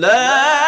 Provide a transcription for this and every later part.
لا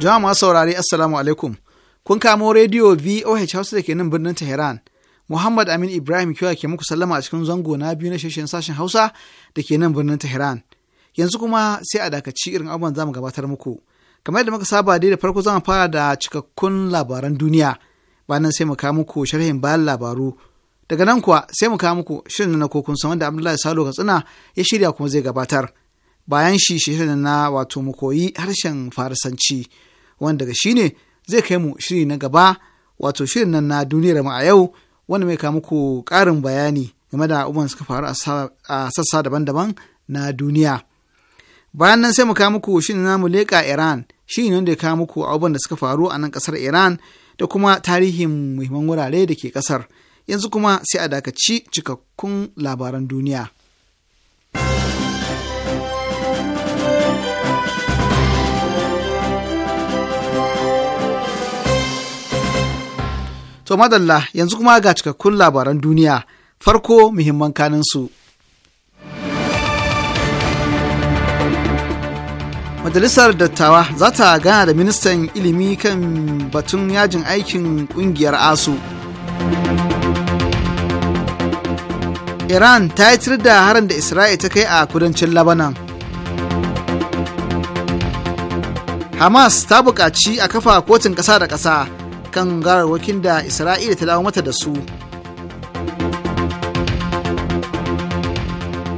Jama'a masu saurari Assalamu alaikum. Kun kamo rediyo VOH Hausa da ke nan birnin Tehran. Muhammad Amin Ibrahim Kiyawa ke muku sallama a cikin zango na biyu na shirin sashen Hausa da ke nan birnin Tehran. Yanzu kuma sai a dakaci irin abubuwan zamu gabatar muku. Kamar yadda muka saba dai da farko zamu fara da cikakkun labaran duniya. Bayan sai mu kawo muku sharhin bayan labaru. Daga nan kuwa sai mu kawo muku shirin na kokun sa da Abdullahi Salo Katsina ya shirya kuma zai gabatar. Bayan shi shirin na wato mu koyi harshen Farisanci. wanda daga shi ne zai kai mu shiri na gaba wato shirin nan na duniyar mu a yau wanda mai kawo muku ƙarin bayani game da abubuwan suka faru a sassa daban-daban na duniya. Bayan nan sai mu kawo muku shirin namu leƙa Iran shi ne wanda ya kawo muku abubuwan da suka faru a nan ƙasar Iran da kuma tarihin muhimman wurare da ke ƙasar. Yanzu kuma sai a dakaci cikakkun labaran duniya. To madalla yanzu kuma ga cikakkun labaran duniya farko muhimman kaninsu. Majalisar Dattawa za ta gana da ministan ilimi kan batun yajin aikin kungiyar ASU. Iran ta yi da harin da Isra'il ta kai a kudancin Labanan. Hamas ta buƙaci a kafa kotun ƙasa da ƙasa kan gawarwakin da isra'ila ta dawo mata da su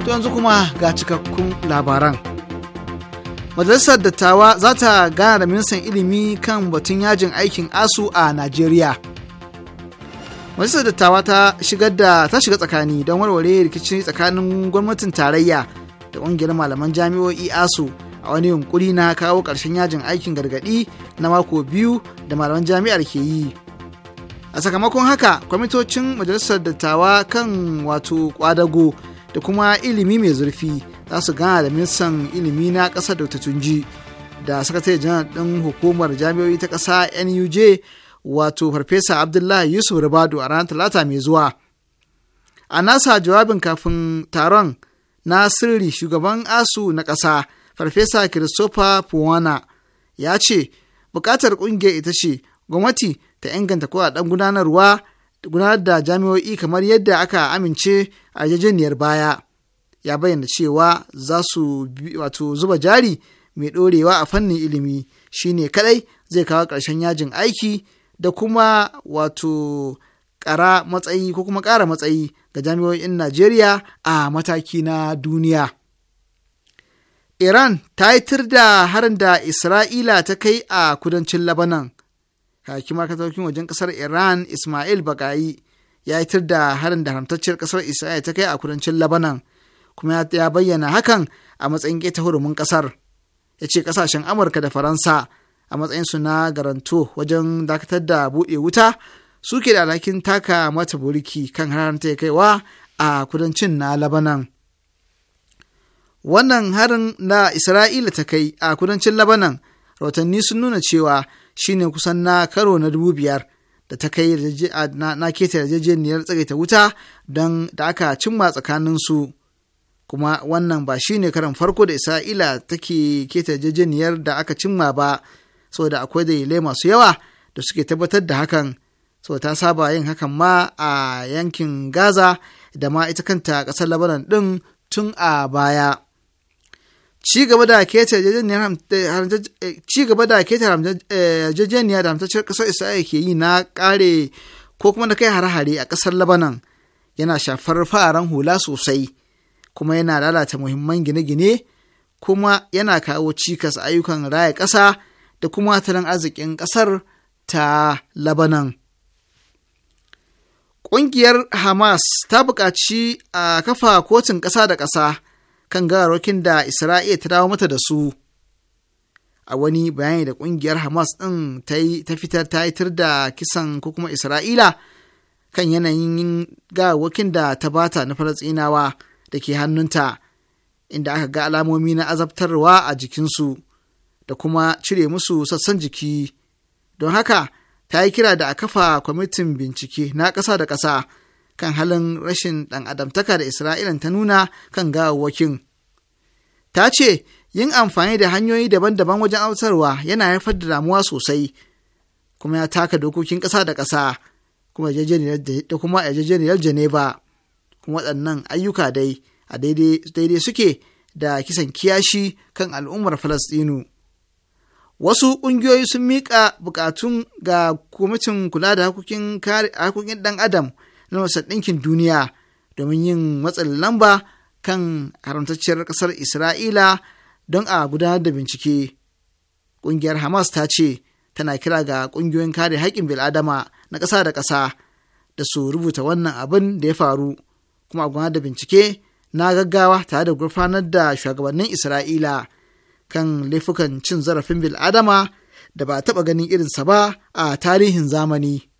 to yanzu kuma ga cikakkun labaran majalisar dattawa za ta gana da ministan ilimi kan batun yajin aikin asu a najeriya majalisar dattawa ta shigar da ta shiga tsakani don warware rikicin tsakanin gwamnatin tarayya da ƙungiyar malaman jami'o'i asu a wani yunkuri na kawo ƙarshen yajin aikin gargaɗi na mako biyu da malaman jami'ar ke yi a sakamakon haka kwamitocin majalisar dattawa kan wato kwadago da kuma ilimi mai zurfi za su gana da ministan ilimi na ƙasar dr tunji da sakatare janar ɗin hukumar jami'o'i ta ƙasa nuj wato farfesa abdullahi yusuf rabadu a ranar talata mai zuwa a nasa jawabin kafin taron na sirri shugaban asu na ƙasa Farfesa Christopher Puwana ya ce, bukatar ƙungiyar ita ce gwamnati ta inganta kuɗaɗen gudanarwa gudanar da jami'o'i kamar yadda aka amince a yarjejeniyar baya. Ya bayyana cewa za su wato zuba jari mai ɗorewa a fannin ilimi shine kadai zai kawo ƙarshen yajin aiki da kuma wato ƙara matsayi ko kuma ƙara matsayi ga jami'o'in Najeriya a mataki na duniya. Iran ta yi tir da harin da Isra'ila ta kai a kudancin Labanan. Kaki makatokin wajen ƙasar Iran Ismail Bagayi ya yi tir da harin da haramtacciyar ƙasar Isra'ila ta kai a kudancin Labanan, kuma ya bayyana hakan a matsayin ƙeta hurumin ƙasar. Ya ce ƙasashen Amurka da Faransa a matsayinsu na garanto wajen dakatar da buɗe wuta suke da alhakin taka mata buriki kan haranta ya kaiwa a kudancin na Labanan. wannan harin da isra'ila ta kai a kudancin labanan rahotanni sun nuna cewa shi ne kusan na karo na dubu biyar da ta kai na keta yarjejeniyar tsagaita wuta don da aka cimma tsakanin su kuma wannan ba shi ne karan farko da isra'ila take keta yarjejeniyar da aka cimma ba da akwai dalilai masu yawa da suke tabbatar da hakan so ta saba yin hakan ma a yankin gaza da ma ita kanta ƙasar labanan ɗin tun a baya. ci gaba da keta yarjejeniya eh, eh, da haramtacciyar ƙasar isra'ila ke yi na ƙare ko kuma na kai hare-hare a ƙasar labanan yana shafar fararen hula sosai kuma yana lalata muhimman gine-gine kuma yana kawo cikas ayyukan raya ƙasa da kuma tattalin arzikin ƙasar ta labanan ƙungiyar hamas ta buƙaci a kafa kotun ƙasa da ƙasa kan gawarwakin da Isra'ila ta dawo mata da su. A wani bayani da ƙungiyar Hamas ɗin ta fitar ta da kisan ko kuma Isra'ila kan yanayin gawarwakin da ta bata na Falasɗinawa da ke hannunta, inda aka ga alamomi na azabtarwa a jikinsu da kuma cire musu sassan jiki. Don haka, ta yi kira da a kafa kwamitin bincike na ƙasa da ƙasa. kan halin rashin ɗan adamtaka da Isra'ilan ta nuna kan gawawwakin. Ta ce, yin amfani da hanyoyi daban-daban wajen autarwa yana haifar da damuwa sosai, kuma ya taka dokokin ƙasa da ƙasa, kuma da kuma yarjejeniyar Geneva, kuma waɗannan ayyuka dai a daidai suke da kisan kiyashi kan al'ummar Falasɗinu. Wasu ƙungiyoyi sun miƙa buƙatun ga kwamitin kula da hakokin ɗan Adam na wasa Ɗinkin Duniya domin yin matsin lamba kan haramtacciyar ƙasar Isra'ila don a gudanar da bincike. Ƙungiyar Hamas ta ce tana kira ga ƙungiyoyin kare haƙƙin bil'adama na ƙasa da ƙasa da su rubuta wannan abin da ya faru kuma a gudanar da bincike na gaggawa tare da gurfanar da shugabannin Isra'ila kan laifukan cin zarafin bil'adama da ba taɓa ganin irinsa ba a tarihin zamani.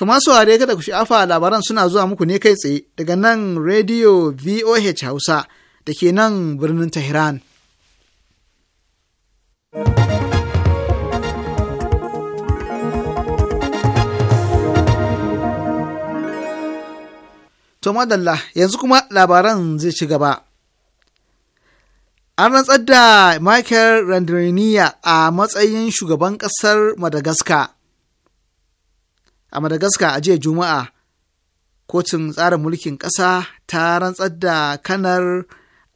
kamar su ware kada ku sha'afa labaran suna zuwa muku ne kai tsaye daga nan Radio VOH Hausa da ke nan birnin Tehran. To madalla yanzu kuma labaran zai ci gaba. An rantsar da Michael Randriniya a matsayin shugaban ƙasar Madagascar. a madagascar a jiya juma'a kotun tsarin mulkin ƙasa ta rantsar da kanar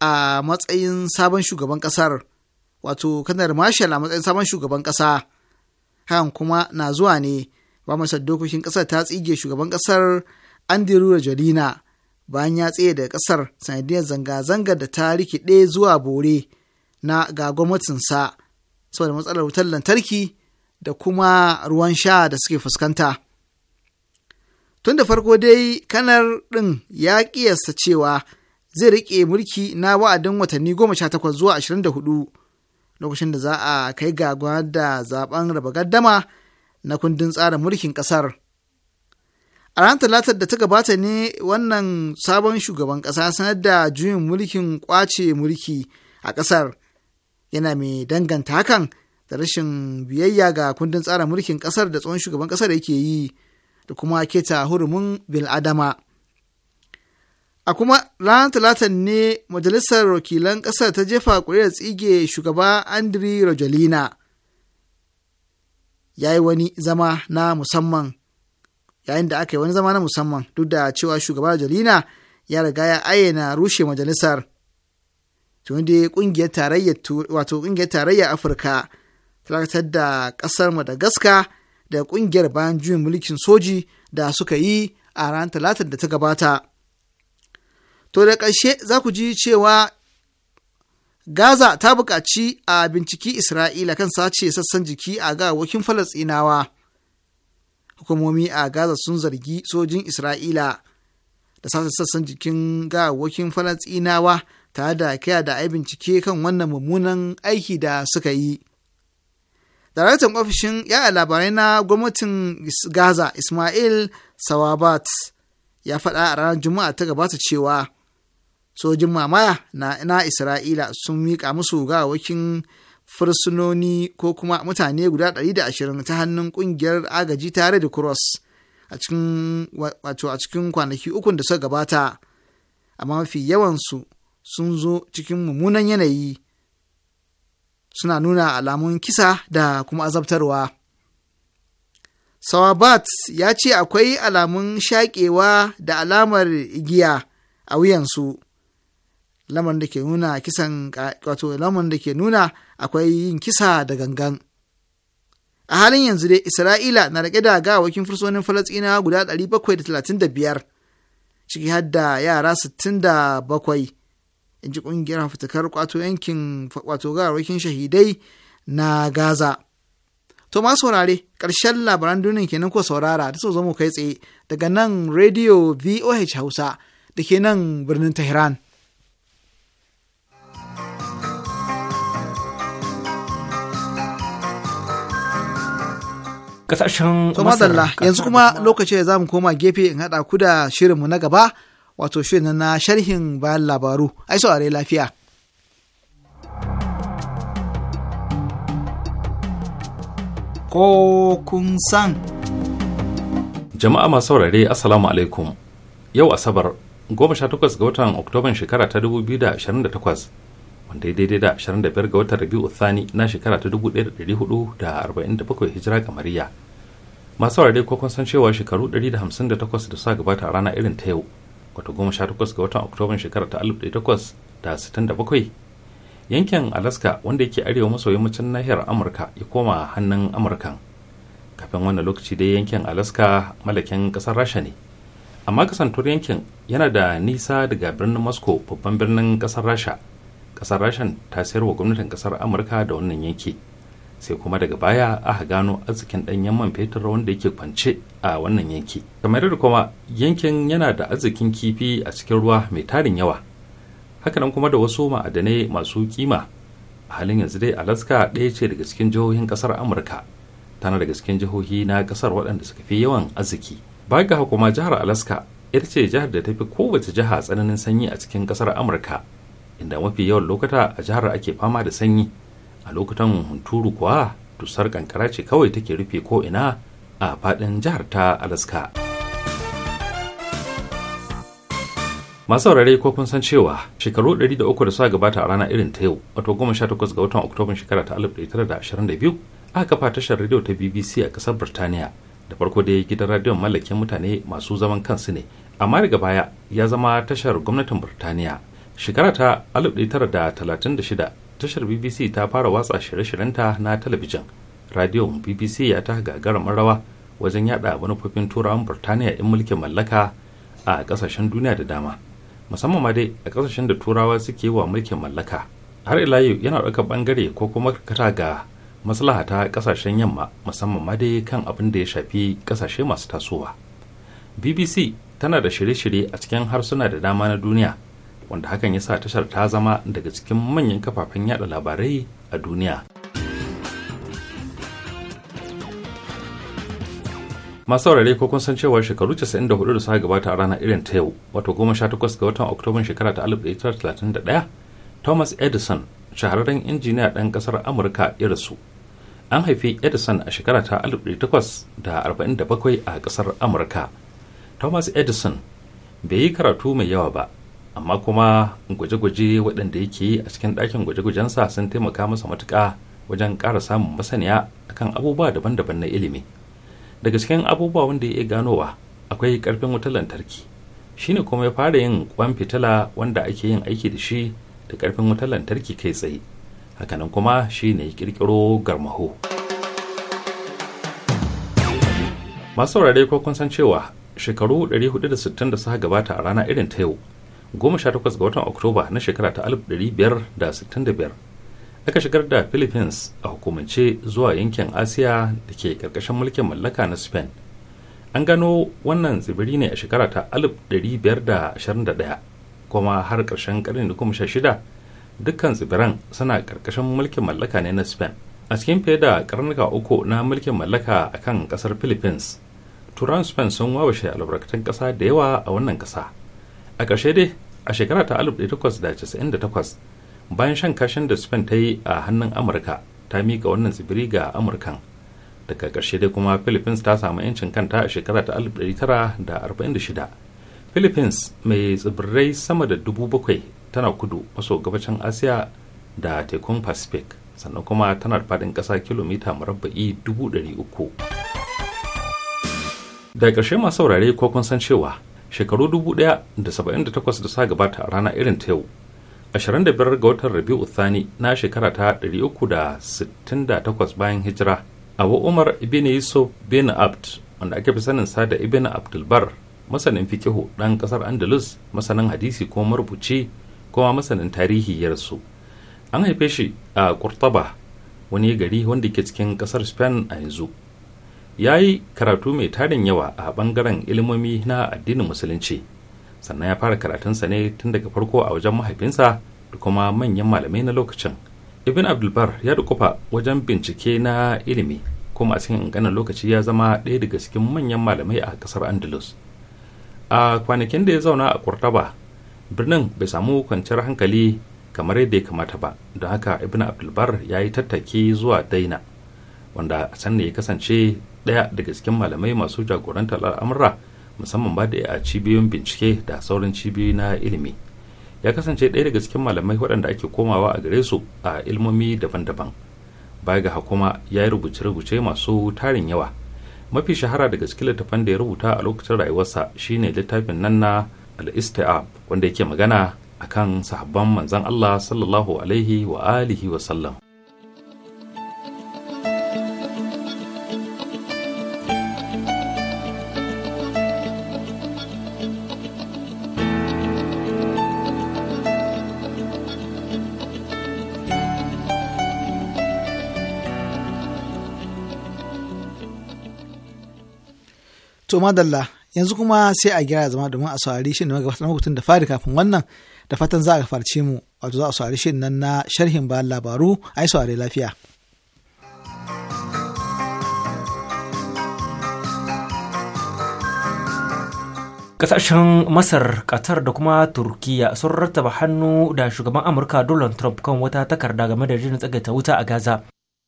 a matsayin sabon shugaban ƙasar wato kanar marshal a matsayin sabon shugaban ƙasa hakan kuma na zuwa ne ba masar dokokin ƙasar ta tsige shugaban ƙasar andrew rajolina bayan ya tsaye daga ƙasar sanadiyar zanga-zangar da ta rikide zuwa bore na ga gwamnatinsa saboda matsalar wutar lantarki da kuma ruwan sha da suke fuskanta. Tun da farko dai kanar ɗin ya ƙiyasta cewa zai riƙe mulki na wa'adin watanni goma sha takwas zuwa ashirin da hudu lokacin da za a kai ga da zaben raba gaddama na kundin tsarin mulkin ƙasar. A ranar talatar da ta gabata ne wannan sabon shugaban ƙasa sanar da juyin mulkin ƙwace mulki a ƙasar yana mai danganta hakan da rashin biyayya ga kundin tsarin mulkin ƙasar da tsohon shugaban ƙasar yake yi. da kuma keta hurumin bil'adama. A kuma ranar Talatan ne Majalisar Wakilan Ƙasar ta jefa ƙuri'ar tsige shugaba Andri Rajolina. Ya yi wani zama na musamman, yayin da aka yi wani zama na musamman duk da cewa shugaba Rajolina ya riga ya ayyana rushe majalisar. Tun Wato ƙungiyar tarayyar Afirka, talatar da ƙasar Madagascar da ƙungiyar bayan juyin mulkin soji da suka yi a ranar talatin da ta gabata. To da ƙarshe za ku ji cewa Gaza ta buƙaci a binciki Isra'ila kan sace sassan jiki a gawakin Falasinawa, Hukumomi a Gaza sun zargi sojin Isra'ila da sace sassan jikin gawakin Falasɗinawa tare da kaya da ai bincike kan wannan mummunan aiki da suka yi. daraktan ofishin ya labarai na gwamnatin gaza ismail sawabat ya faɗa a ranar juma'a ta gabata cewa sojin mamaya na, na isra'ila sun miƙa musu gawakin fursunoni ko kuma mutane guda 120 ta hannun ƙungiyar agaji tare da cross a cikin wato a cikin kwanaki ukun da suka gabata amma mafi yawansu sun zo cikin mummunan yanayi suna nuna alamun kisa da kuma azabtarwa. Sawabat ya ce akwai alamun shaƙewa da alamar igiya a wuyansu, lamar da ke nuna kisan wato lamar da ke nuna akwai yin kisa da gangan. A halin yanzu dai Isra'ila na rike da gawakin fursunonin Falasina guda 735, ciki har da yara 67. in ji ƙungiyar hafitakar kwato yankin kwato garwakin shahidai na gaza to ma saurare ƙarshen labaran duniya kenan ko saurara da so mu kai tsaye daga nan radio voh hausa da ke nan birnin tehran kasashen masar yanzu kuma lokaci da za mu koma gefe in haɗa ku da shirinmu na gaba wato shirin na sharhin bayan labaru ai saurare lafiya ko kun san jama'a masu saurare assalamu alaikum yau asabar 18 ga watan oktoban shekara ta 2028 wanda ya daidai da 25 ga watan rabi'u thani na shekara ta 1447 hijira kamariya masu saurare ko kun san cewa shekaru 158 da suka gabata a rana irin ta yau wato 18 ga watan oktoban shekarar ta 1867 yankin alaska wanda yake arewa maso yammacin nahiyar amurka ya koma hannun amurkan kafin wannan lokaci dai yankin alaska malakin kasar rasha ne amma kasantuwar yankin yana da nisa daga birnin moscow babban birnin kasar rasha kasar rashan ta sayar wa gwamnatin kasar amurka da wannan yanki sai kuma daga baya aka gano arzikin ɗanyen man fetur wanda yake kwance a wannan yanki kamar da kuma yankin yana da arzikin kifi a cikin ruwa mai tarin yawa hakanan kuma da wasu ma'adanai masu kima a halin yanzu dai alaska ɗaya ce daga cikin jihohin ƙasar amurka tana daga cikin jihohi na ƙasar waɗanda suka fi yawan arziki baya ga kuma jihar alaska ita ce jihar da ta fi kowace jiha tsananin sanyi a cikin ƙasar amurka inda mafi yawan lokuta a jihar ake fama da sanyi a lokutan hunturu kuwa tusar kankara ce kawai take rufe ko ina a faɗin jihar ta alaska masu saurare ko kun san cewa shekaru 300 da suka gabata a rana irin ta yau wato 18 ga watan oktoban shekara ta 1922 aka kafa tashar rediyo ta bbc a kasar birtaniya da farko dai gidan rediyon mallakin mutane masu zaman kansu ne amma daga baya ya zama tashar gwamnatin birtaniya shekara ta 1936 tashar bbc ta fara watsa shirye-shiryenta na talabijin radio bbc ya ta gagarumin rawa wajen yada manufofin turawan burtaniya in mulkin mallaka a kasashen duniya da dama musamman ma dai a kasashen da turawa suke wa mulkin mallaka har ila yau yana ɗauka bangare ko kuma kakata ga maslaha ta kasashen yamma musamman ma dai kan abin da ya shafi kasashe masu tasowa bbc tana da shirye-shirye a cikin harsuna da dama na duniya wanda hakan ya sa tashar ta zama daga cikin manyan kafafen yada labarai a duniya masu saurare ko kun san cewa shekaru 94 da suka gabata a rana irin ta yau wato 18 ga watan oktoban shekara ta 1931 thomas edison shahararren injiniya ɗan ƙasar amurka ya rasu an haifi edison a shekara ta 1847 a ƙasar amurka thomas edison bai yi karatu mai yawa ba amma kuma gwaje-gwaje waɗanda yake yi a cikin ɗakin gwaje-gwajensa sun taimaka masa matuƙa wajen ƙara samun masaniya akan abubuwa daban-daban na ilimi daga cikin abubuwa wanda ya iya ganowa akwai ƙarfin wutar lantarki shine kuma ya fara yin kwan fitila wanda ake yin aiki da shi da ƙarfin wutar lantarki kai tsaye hakanan kuma shine ya ƙirƙiro garmaho masu saurare ko kun san cewa shekaru 460 da suka gabata a rana irin ta yau goma sha takwas ga watan oktoba na shekara ta 1565 aka shigar da philippines a hukumance zuwa yankin asiya da ke karkashin mulkin mallaka na spain an gano wannan tsibiri ne a shekara ta 1521 kuma har karshen karni da kuma shida dukkan tsibiran suna karkashin mulkin mallaka ne na spain a cikin fiye da karnuka uku na mulkin mallaka a kan kasar philippines turan spain sun wawashe albarkatun kasa da yawa a wannan kasa a ƙarshe dai a shekara ta 1898 bayan shan kashin da spain ta yi a hannun amurka ta miƙa wannan tsibiri ga amurkan daga karshe dai kuma philippines ta samu 'yancin kanta a shekara ta 1946 philippines mai tsibirai sama da dubu tana kudu maso gabacin asiya da tekun pacific sannan kuma tana da faɗin ƙasa kilomita murabba'i 300 da ƙarshe masu saurare ko kun san cewa shekaru dubu 1078 da sa gabata a rana irin ta yau 25 ga watan rabi'u thani na shekara ta da 368 bayan hijira abu umar ibn yusuf bin abd wanda ake fi sanin sa da ibn abdulbar masanin fikihu ɗan ƙasar andalus masanin hadisi ko marubuci kuma masanin tarihi ya rasu an haife shi a kurtaba wani gari wanda ke cikin ƙasar spain a yanzu ya yi karatu mai tarin yawa a bangaren ilimomi na addinin musulunci sannan ya fara karatunsa ne tun daga farko a wajen mahaifinsa da kuma manyan malamai na lokacin ibn abdulbar ya dukufa wajen bincike na ilimi kuma a cikin ganin lokaci ya zama ɗaya daga cikin manyan malamai a ƙasar andalus a kwanakin da ya zauna a kurtaba birnin bai samu kwanciyar hankali kamar yadda ya kamata ba don haka ibn abdulbar ya yi tattaki zuwa daina wanda a ya kasance ɗaya daga cikin malamai masu jagorantar al'amura musamman ba da a cibiyoyin bincike da sauran cibiyoyi na ilimi ya kasance ɗaya daga cikin malamai waɗanda ake komawa a gare su a ilmomi daban-daban baya ga hakuma ya yi rubuce-rubuce masu tarin yawa mafi shahara daga cikin littafan da ya rubuta a lokacin rayuwarsa shine littafin nan na al-istiab wanda yake magana akan sahabban manzon Allah sallallahu alaihi wa alihi wa sallam To madalla yanzu kuma sai a gyara zama domin a saurari shi na gabatar mutum da fari kafin wannan da fatan za a farce mu wato za a saurari shi nan na sharhin bayan labaru a yi saurari lafiya. ƙasashen Masar, Qatar da kuma Turkiyya sun rattaba hannu da shugaban Amurka Donald Trump kan wata takarda game da jin tsagaita wuta a Gaza.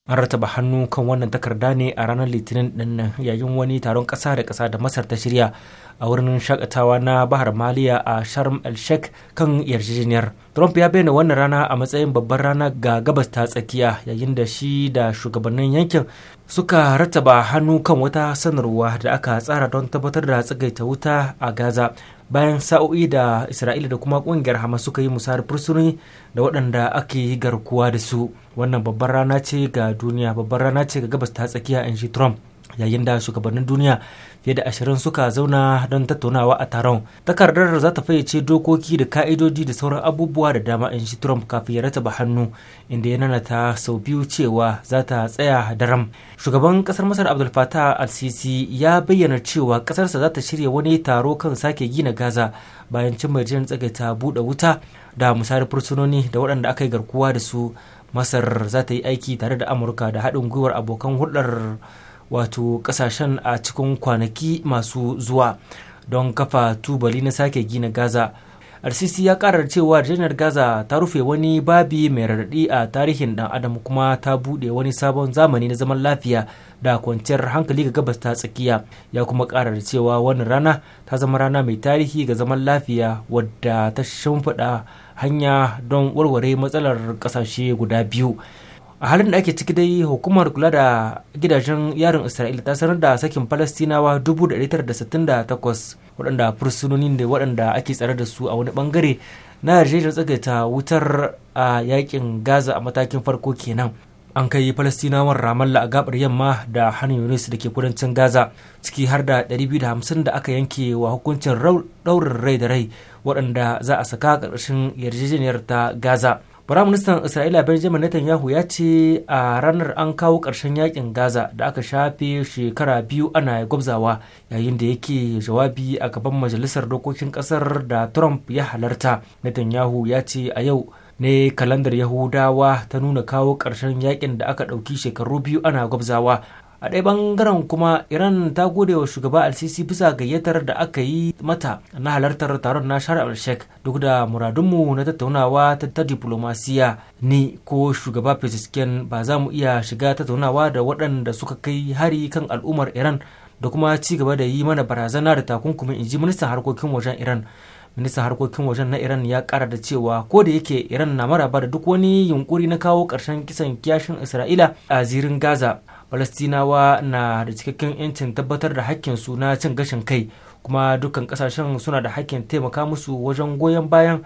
an rataba hannu kan wannan takarda ne a ranar litinin ɗin yayin wani taron ƙasa da ƙasa da masar ta shirya a wurin shakatawa na bahar maliya a sharm el sheikh kan yarjejeniyar trump ya bayyana wannan rana a matsayin babban rana ga gabas ta tsakiya yayin da shi da shugabannin yankin suka rataba hannu kan wata sanarwa da aka tsara don tabbatar da tsagaita wuta a gaza bayan sa'o'i da isra'ila da kuma kungiyar hamas suka yi musayar fursuni da waɗanda ake garkuwa da su wannan babbar rana ce ga duniya babbar rana ce ga gabas ta tsakiya in shi trump yayin da shugabannin duniya fiye da ashirin suka zauna don tattaunawa a taron takardar za ta fayyace dokoki da ka'idoji da sauran abubuwa da dama in shi trump kafin ya rataba hannu inda ya nanata sau biyu cewa za ta tsaya daram shugaban kasar masar abdul fatah al-sisi ya bayyana cewa kasarsa za ta shirya wani taro kan sake gina gaza bayan cin majiyar tsagaita buɗe wuta da musayar fursunoni da waɗanda aka yi garkuwa da su masar za ta yi aiki tare da amurka da haɗin gwiwar abokan hulɗar wato kasashen a cikin kwanaki masu zuwa don kafa tubali na sake gina gaza rcc ya karar cewa janar gaza ta rufe wani babi mai raɗaɗi a tarihin dan adam kuma ta buɗe wani sabon zamani na zaman lafiya da kwanciyar hankali ga gabas ta tsakiya ya kuma karar cewa wani rana ta zama rana mai tarihi ga zaman lafiya wadda ta shimfiɗa hanya don warware matsalar ƙasashe guda biyu a halin da ake ciki dai hukumar kula da gidajen yarin isra'ila ta sanar da sakin falastinawa 1968 waɗanda fursunonin da waɗanda ake tsare da su a wani bangare na yarjejeniyar tsagaita wutar a yakin gaza a matakin farko kenan an kai falastinawan ramallah a gabar yamma da hannun yunus da ke kudancin gaza ciki har da 250 da aka yanke wa hukuncin daurin rai da rai waɗanda za a saka ƙarƙashin yarjejeniyar ta gaza Firaministan Isra'ila Benjamin Netanyahu ya ce a ranar an kawo ƙarshen yakin Gaza da aka shafe shekara biyu ana gwabzawa yayin da yake jawabi a gaban Majalisar Dokokin Ƙasar da Trump ya halarta. Netanyahu ya ce a yau ne kalandar Yahudawa ta nuna kawo ƙarshen yakin da aka ɗauki shekaru biyu ana gwabzawa a ɗaya bangaren kuma iran ta gode wa shugaba al-sisi bisa gayyatar da aka yi mata na halartar taron na shahar al-sheikh duk da muradunmu na tattaunawa ta diplomasiya ni ko shugaba fesisken ba za mu iya shiga tattaunawa da waɗanda suka kai hari kan al'ummar iran da kuma ci gaba da yi mana barazana da takunkumin ji ministan harkokin wajen iran ministan harkokin wajen na iran ya kara da cewa ko da yake iran na maraba da duk wani yunkuri na kawo ƙarshen kisan kiyashin isra'ila a zirin gaza falastinawa na da cikakken 'yancin tabbatar da hakkin su na cin gashin kai kuma dukkan kasashen suna da hakkin taimaka musu wajen goyon bayan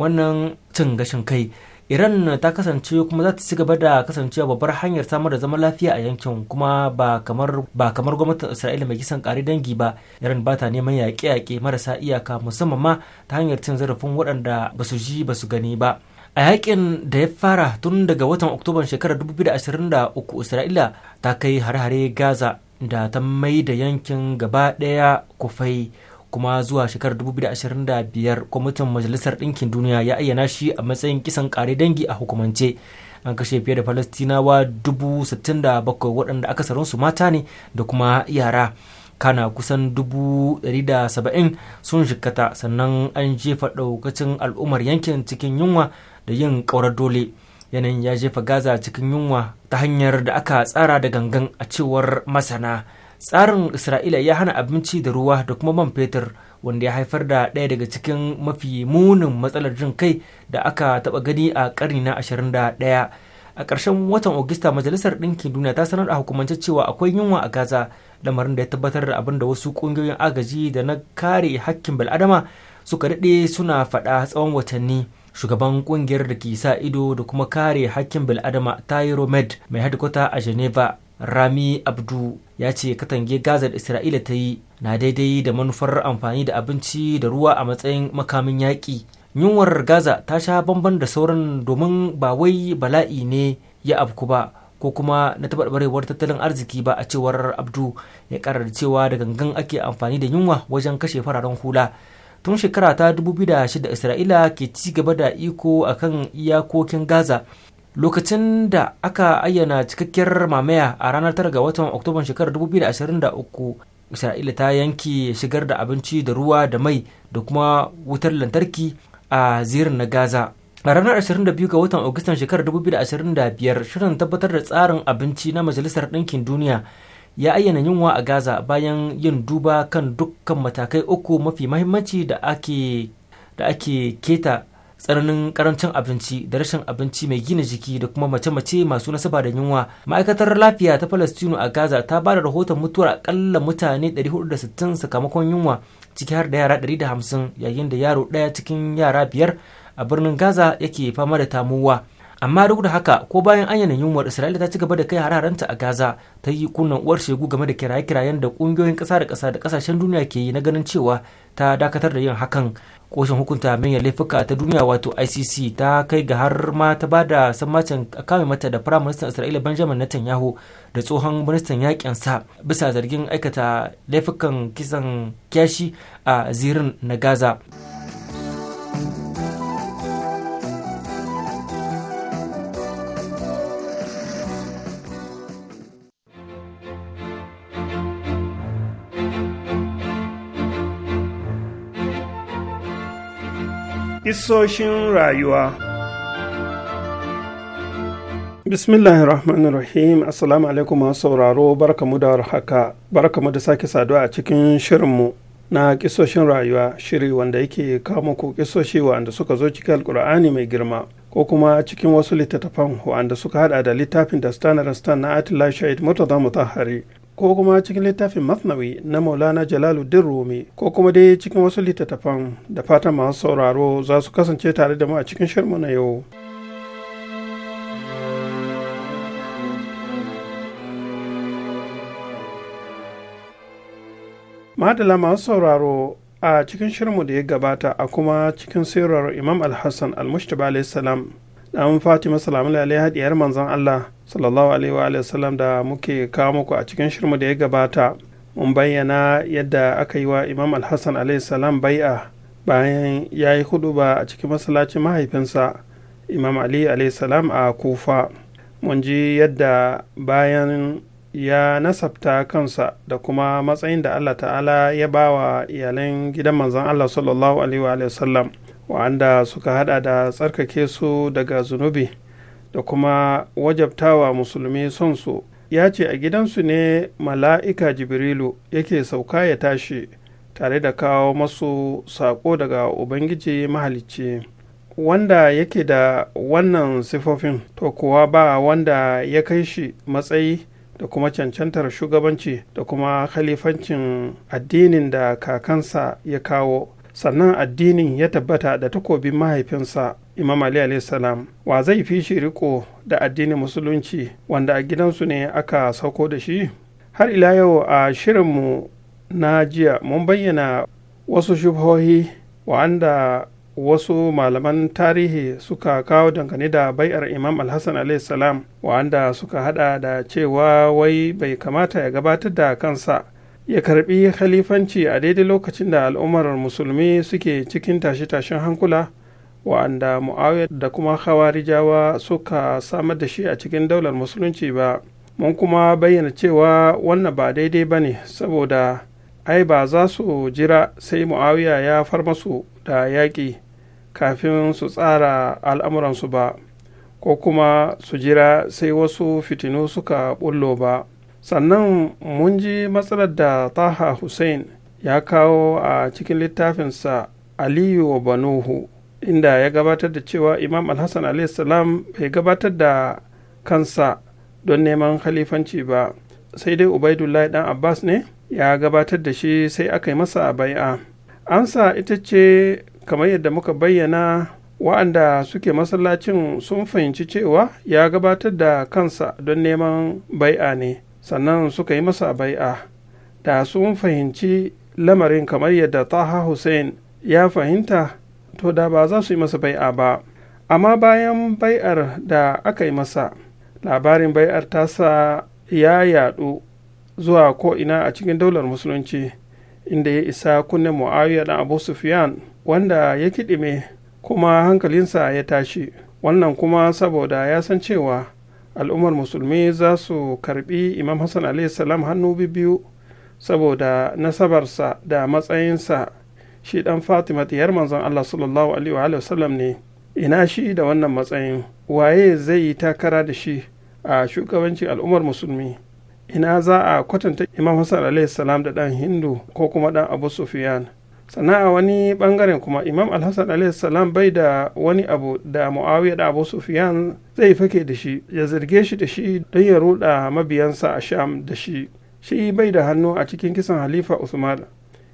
wannan cin gashin kai iran ta kasance kuma za ta ci gaba da kasancewa babbar hanyar samar da zaman lafiya a yankin kuma ba kamar ba kamar gwamnatin isra'ila mai kisan kare dangi ba iran ba ta neman yaƙe-yaƙe marasa iyaka musamman ma ta hanyar cin zarafin waɗanda ba su ji ba su gani ba a yakin da ya fara tun daga watan oktoban shekarar 2023 isra'ila ta kai hare-hare gaza da ta mai da yankin gaba daya kufai kuma zuwa shekarar 2025 kwamitin majalisar ɗinkin duniya ya ayyana shi a matsayin kisan kare dangi a hukumance an kashe fiye da falastinawa 67 waɗanda akasarinsu mata ne da kuma yara kana kusan 170 sun shikata sannan an jefa ɗaukacin al'ummar yankin cikin yunwa da yin ƙaurar dole yanayin ya jefa gaza cikin yunwa ta hanyar da aka tsara da gangan a cewar masana tsarin isra'ila ya hana abinci da ruwa da kuma man fetur wanda ya haifar da ɗaya daga cikin mafi munin matsalar jin kai da aka taɓa gani a ƙarni na ashirin 21 a ƙarshen watan Ogista majalisar ɗinkin duniya ta sanar a hukumance cewa akwai yunwa a gaza lamarin da ya tabbatar da abin da wasu ƙungiyoyin agaji da na kare hakkin bil'adama suka daɗe suna faɗa tsawon watanni shugaban kungiyar da ke sa ido da kuma kare hakkin bil'adama tairo med mai hadikwata a geneva rami abdu ya ce katange gaza da isra'ila ta yi na daidai da manufar amfani da abinci da ruwa a matsayin makamin yaƙi yunwar gaza ta sha bamban da sauran domin ba wai bala'i ne ya afku ba ko kuma na taɓarɓarewar tattalin arziki ba a cewar abdu ya karar cewa da gangan ake amfani da yunwa wajen kashe fararen hula tun shekara ta 2006 isra'ila ke ci gaba da iko a kan iyakokin gaza lokacin da aka ayyana cikakkiyar mamaya a ranar 9 ga watan oktoban shekarar 2023 isra'ila ta yanke shigar da abinci da ruwa da mai da kuma wutar lantarki a zirin na gaza a ranar 22 ga watan agustan shekarar 2025 shirin tabbatar da tsarin abinci na majalisar ɗinkin duniya ya ayyana yunwa a gaza bayan yin duba kan dukkan matakai uku mafi mahimmanci da ake keta tsananin karancin abinci da rashin abinci mai gina jiki da kuma mace-mace masu nasaba da yunwa ma'aikatar lafiya ta palestino a gaza ta ba da rahoton mutuwar akalla mutane 460 sakamakon yunwa ciki har da yara 150 yayin da yaro daya cikin yara biyar a birnin gaza yake fama da tamuwa amma duk da haka ko bayan an yunwar isra'ila ta ci gaba da kai hararanta a gaza ta yi kunnan uwar shegu game da kiraye-kirayen da kungiyoyin ƙasa da ƙasa da ƙasashen duniya ke yi na ganin cewa ta dakatar da yin hakan koshin hukunta manyan laifuka ta duniya wato icc ta kai ga har ma ta ba da sammacin kame mata da firayim ministan isra'ila benjamin netanyahu da tsohon ministan yakin sa bisa zargin aikata laifukan kisan kyashi a zirin na gaza. Isoshin rayuwa Bismillahir Rahmanir Rahim Assalamu alaikum masu sauraro barkamu da haka. barkamu da sake saduwa a cikin shirinmu na kisoshin rayuwa shiri wanda yake kamo ku kisoshi wanda suka zo cikin alkur'ani mai girma ko kuma cikin wasu littattafan wanda suka hada da littafin da stan na Atila Shahid Murtaza Mutahari ko kuma cikin littafin masnawi na maulana jalalu jalaluddin rumi ko kuma dai cikin wasu littattafan da fatan masu sauraro za su kasance tare da mu a cikin shirmu na yau. madala masu sauraro a cikin shirinmu da ya gabata a kuma cikin sirar imam alhassan alaihi salam ɗan fatima salamu alaihi hadiyar manzon allah sallallahu alaihi wa da muke kawo muku a cikin shirmu da ya gabata mun bayyana yadda aka yi wa imam alhassan alaihi salam bai'a bayan ya yi hudu ba a cikin masallacin mahaifinsa imam ali alaihi salam a kufa mun ji yadda bayan ya nasabta kansa da kuma matsayin da allah ta'ala ya ba wa iyalan gidan manzon allah sallallahu alaihi wa sallam wa'anda suka hada da tsarkake su daga zunubi da kuma wajabtawa musulmi son su ya ce a gidansu ne mala'ika jibrilu yake sauka ya tashi tare da kawo masu saƙo daga ubangiji mahalicci wanda yake da wannan sifofin to kuwa ba wanda ya kai shi matsayi da kuma cancantar shugabanci da kuma khalifancin addinin da kakansa ya kawo sannan addinin ya tabbata da takobin mahaifinsa imam ali salam wa zai fi shi riko da addinin musulunci wanda a gidansu ne aka sauko da shi har ila yau a shirinmu na jiya mun bayyana wasu shubhohi wa'anda wasu malaman tarihi suka kawo dangane da bai'ar imam alhassan salam wa'anda suka hada da cewa wai bai kamata ya gabatar da kansa ya karbi khalifanci a daidai lokacin da al'ummar musulmi suke cikin tashe-tashen hankula wa'anda mu'awiyar da kuma hawarijawa suka samar da shi a cikin daular musulunci ba mun kuma bayyana cewa wannan ba daidai ba ne saboda ai ba za su jira sai mu'awiya ya far masu da yaƙi kafin su tsara al'amuransu ba ko kuma su jira sai wasu fitinu suka bullo ba sannan mun ji matsalar da taha hussein ya kawo a cikin littafinsa aliyu wa banuhu inda ya gabatar da cewa imam alhassan salam bai gabatar da kansa don neman khalifanci ba sai dai ubaidullahi dan abbas ne ya gabatar da shi sai aka yi masa bai'a ansa ita ce kamar yadda muka bayyana wa'anda suke masallacin sun fahimci cewa ya gabatar da kansa don neman bai'a ne sannan suka yi masa bai'a da sun fahimci lamarin kamar yadda taha hussein ya fahimta to da ba za su yi masa bai'a ba amma bayan bai'ar da aka yi masa labarin bai'ar ta sa ya yadu zuwa ko'ina a cikin daular musulunci inda ya isa kunne mu'awiya da abu sufiyan wanda ya kiɗime kuma hankalinsa ya tashi wannan kuma saboda ya san cewa al'ummar musulmi za su karbi imam hassan salam hannu biyu saboda nasabarsa da matsayinsa shi ɗan fatima tiyar manzon allah sallallahu alaihi wa sallam ne ina shi da wannan matsayin waye zai yi takara da shi a shugabancin al'ummar musulmi ina za a kwatanta imam hassan alaihi salam da ɗan hindu ko kuma ɗan abu sufiyan sannan a wani bangaren kuma imam alhassan salam bai da wani abu da muawiya da abu sufiyan zai fake da shi ya zirge shi da shi don ya ruɗa mabiyansa a sham da shi shi bai da hannu a cikin kisan halifa usman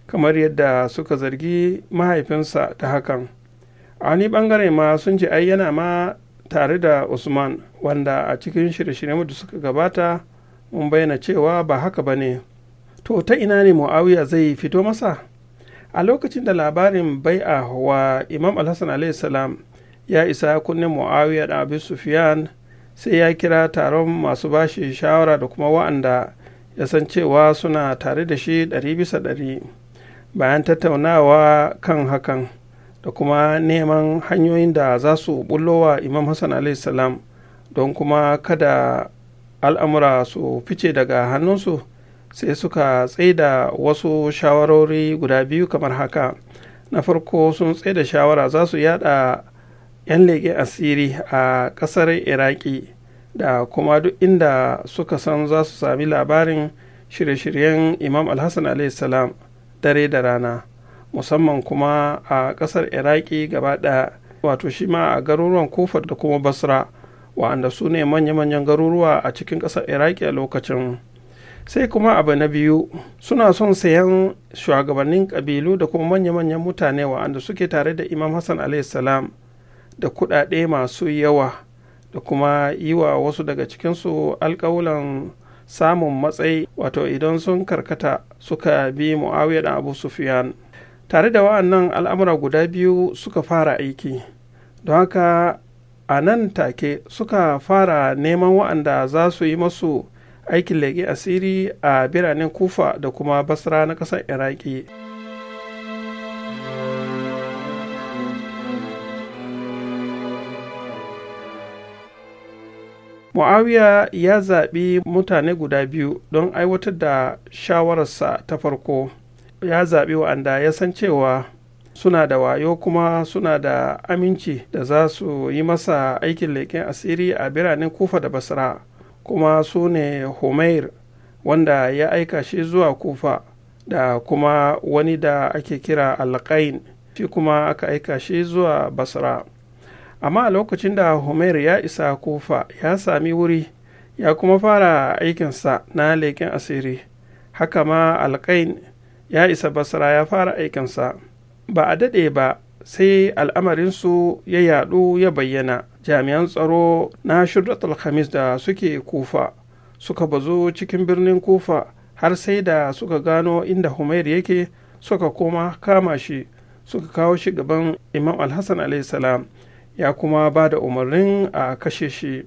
kamar yadda suka zargi mahaifinsa ta hakan a wani bangare ma sun ji ayyana ma tare da usman wanda a cikin shirye-shiryen da suka gabata mun bayyana cewa ba haka ba ne to ta ina ne muawiya zai fito masa a lokacin da labarin bai'a wa imam alhassan salam ya isa kunnen muawiya da abu sufyan sai ya kira taron masu bashi shawara da kuma wa'anda ya san cewa suna tare da shi ɗari bisa ɗari bayan tattaunawa kan hakan da kuma neman hanyoyin da za su bullowa imam hassan salam don kuma kada al'amura su fice daga hannunsu sai suka tsaida wasu shawarori guda biyu kamar haka na farko sun tsaida shawara za su yada 'yan lege asiri a ƙasar iraki da kuma duk inda suka san za su sami labarin shirye-shiryen imam alhassan salam dare da rana musamman kuma a ƙasar iraki gaba ɗaya wato shi ma a garuruwan kofar da kuma basra wa'anda su ne manya-manyan garuruwa a cikin kasar iraki a lokacin sai kuma abu na biyu suna son sayan shugabannin kabilu da kuma manya-manyan mutane wa'anda suke tare da imam hassan salam da kuɗaɗe masu yawa da kuma yi wa wasu daga cikinsu alkawulan samun matsayi wato idan sun karkata suka bi muawiya da abu sufyan tare da wa'annan al'amura guda biyu suka fara aiki don haka a nan take suka fara neman wa'anda za su yi masu aikin lege asiri a biranen kufa da kuma basra na ƙasar iraki. muawiya ya zaɓi mutane guda biyu don aiwatar da shawararsa ta farko ya zaɓi wa'anda ya san cewa suna da wayo kuma suna da aminci da za su yi masa aikin leƙen asiri a biranen kufa da basra kuma su ne homer wanda ya aika shi zuwa kufa da kuma wani da ake kira alƙain shi kuma aka aika shi zuwa basra amma a lokacin da homer ya isa kofa ya sami wuri ya kuma fara aikinsa na leƙen asiri haka ma alƙain ya isa basara ya fara aikinsa ba a daɗe ba sai al'amarinsu ya yaɗu ya bayyana jami'an tsaro na shudrat alhamis da suke kufa suka bazu cikin birnin kufa har sai da suka gano inda humair yake suka koma kama shi suka kawo shi gaban imam alhassan salam ya kuma ba da umarnin a kashe shi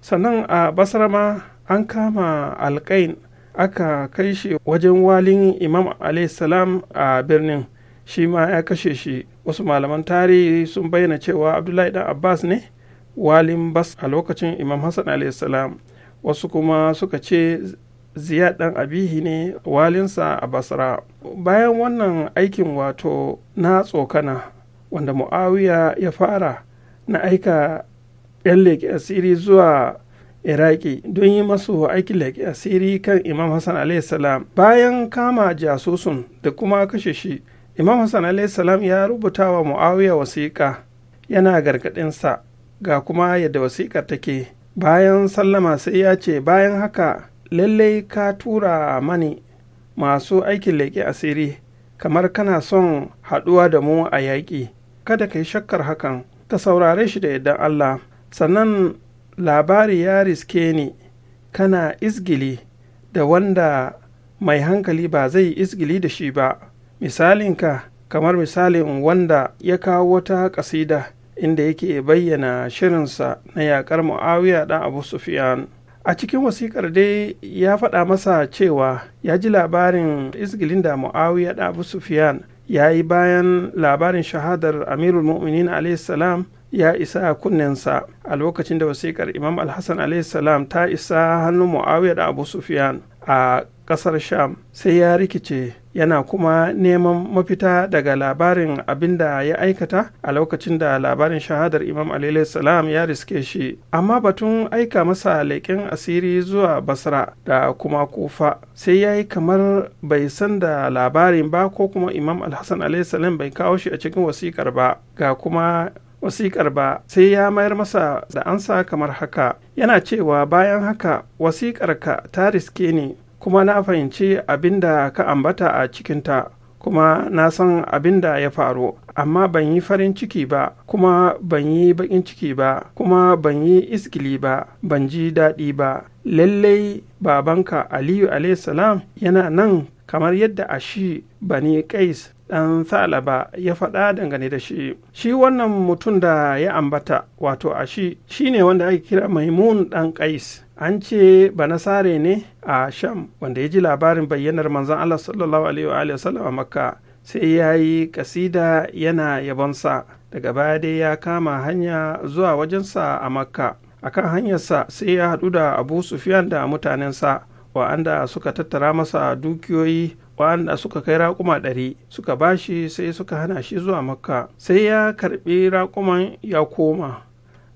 sannan a basra ma an kama alkain aka kai shi wajen walin imam salam a birnin shi ma ya kashe shi wasu malaman tarihi sun bayyana cewa abdullahi dan abbas ne walin bas a lokacin imam hassan salam wasu kuma suka ce ziyad dan abihi ne walinsa a basra bayan wannan aikin wato na tsokana wanda muawiya ya fara na aika 'yan leƙi asiri zuwa iraki don yi masu aikin leƙi asiri kan imam hassan salam bayan kama jasusun da kuma kashe shi imam hassan salam ya rubuta wa muawiya wasiƙa yana gargaɗinsa ga kuma yadda wasiƙar take bayan sallama sai ya ce bayan haka lallai ka tura mani masu aikin leƙe asiri kamar kana son haɗuwa da mu a yaƙi kada ka yi shakkar hakan ka saurare shi da yadda Allah sannan labari ya riske ni kana izgili da wanda mai hankali ba zai yi izgili da shi ba Misalin ka. kamar misalin wanda ya kawo wata kasida inda yake bayyana shirinsa na yakar mu'awiya dan abu sufiyan a cikin wasikar dai ya faɗa masa cewa ya ji labarin izgilin da mu'awiya dan abu sufiyan ya yi bayan labarin shahadar amirul mu'minin salam ya isa kunnensa a lokacin da wasiƙar imam alhassan salam ta isa hannun muawiya abu sufyan a kasar sham sai ya rikice yana kuma neman mafita daga labarin abin da ya aikata a lokacin da labarin shahadar imam salam ya riske shi amma batun aika masa leƙen asiri zuwa basra da kuma kufa sai ya yi kamar bai san da labarin ba ko kuma imam alhassan salam bai kawo shi a cikin wasiƙar ba ga kuma wasiƙar ba sai ya mayar masa da ansa kamar haka yana cewa bayan haka wasiƙarka ta riske ni kuma na fahimci abin da ka ambata a cikinta kuma na san abin da ya faru amma ban yi farin ciki ba kuma ban yi baƙin ciki ba kuma ban yi iskili ba ban ji daɗi ba lallai babanka aliyu salam yana nan kamar yadda ashi bani kais ɗan ba ya faɗa dangane da shi shi wannan mutum da ya ambata wato ashi shine wanda ake kira maimun ɗan kais an ce banasare ne a sham wanda ya ji labarin bayyanar manzan allah sallallahu alaihi wa sallam a makka sai ya yi kasida yana yabonsa daga baya dai ya kama hanya zuwa wajensa a makka akan hanyarsa sai ya haɗu da abu sufiyan da mutanensa wa'anda suka tattara masa dukiyoyi wa'anda suka kai raƙuma ɗari suka bashi sai suka hana shi zuwa makka sai ya karɓi raƙuman ya koma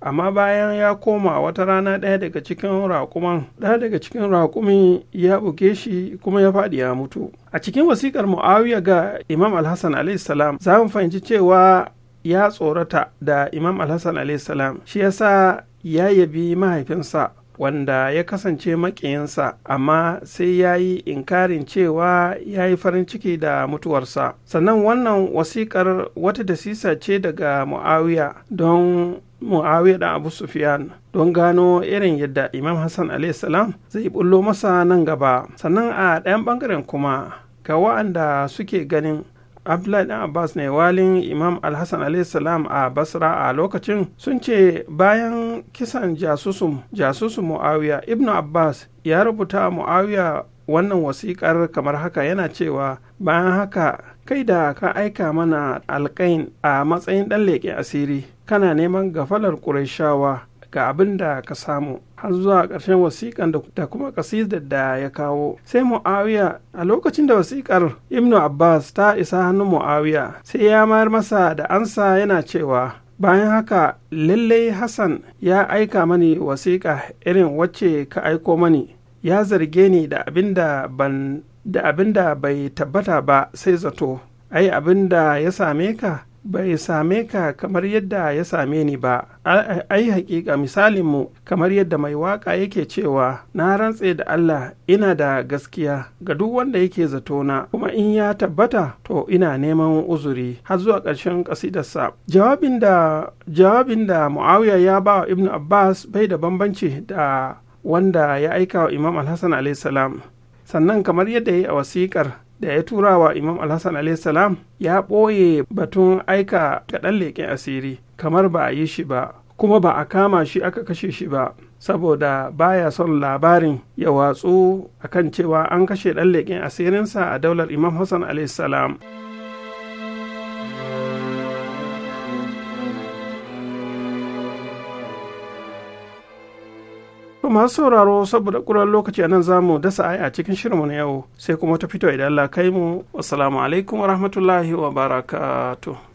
amma bayan ya koma wata rana ɗaya daga cikin raƙuman ɗaya daga cikin raƙumin ya buge shi kuma ya faɗi ya mutu a cikin wasikar mu'awiya ga imam alhassan alaihissalam za mu fahimci cewa ya tsorata da imam alhassan alaihissalam shi yasa ya yabi mahaifinsa wanda ya kasance maƙiyinsa amma sai ya yi inkarin cewa ya yi farin ciki da mutuwarsa sannan wannan wasiƙar wata dasisa ce daga mu'awiya don mu'awiya da abu Sufiyan. don gano irin yadda imam hassan salam zai bullo masa nan gaba sannan a ɗayan ɓangaren kuma ga wa'anda suke ganin abdullahi dan abbas ne walin imam alhassan salam a basra a lokacin sun ce bayan kisan jasusun jasusun muawiya Ibn abbas ya rubuta muawiya wannan wasiƙar kamar haka yana cewa bayan haka kai da ka aika mana alƙain a matsayin ɗan leƙen asiri kana neman gafalar ƙurashawa ga abin da ka samu har zuwa ƙarshen wasiƙan da kuma ƙasidar da ya kawo sai muawiya a lokacin da wasiƙar ibnu abbas ta isa hannun muawiya sai ya mayar masa da ansa yana cewa bayan haka lallai hassan ya aika mani wasiƙa irin wacce ka aiko mani ya zarge ni da abin da abin da bai tabbata ba sai zato ai abin da ya same ka bai same ka kamar yadda ya same ni ba ai hakika misalinmu kamar yadda mai waka yake cewa na rantse da Allah ina da gaskiya ga duk wanda yake na, kuma in ya tabbata to ina neman uzuri har zuwa ƙarshen ƙasidarsa jawabin da jawabin da Muawiya ya ba wa Ibn Abbas bai da bambanci da wanda ya aika wa Imam al salam sannan kamar yadda ya yi a wasikar da ya tura wa imam alhassan salam ya ɓoye batun aika ga ɗan leƙen asiri kamar ba a yi shi ba kuma ba a kama shi aka kashe shi ba saboda baya son labarin ya watsu akan cewa an kashe ɗan leƙen asirinsa a daular imam hassan salam. masu sauraro saboda kuran lokaci a nan zamu dasa aya a cikin shirinmu na yau sai kuma ta fito idan Allah kai mu. Wassalamu alaikum wa rahmatullahi wa barakatuh.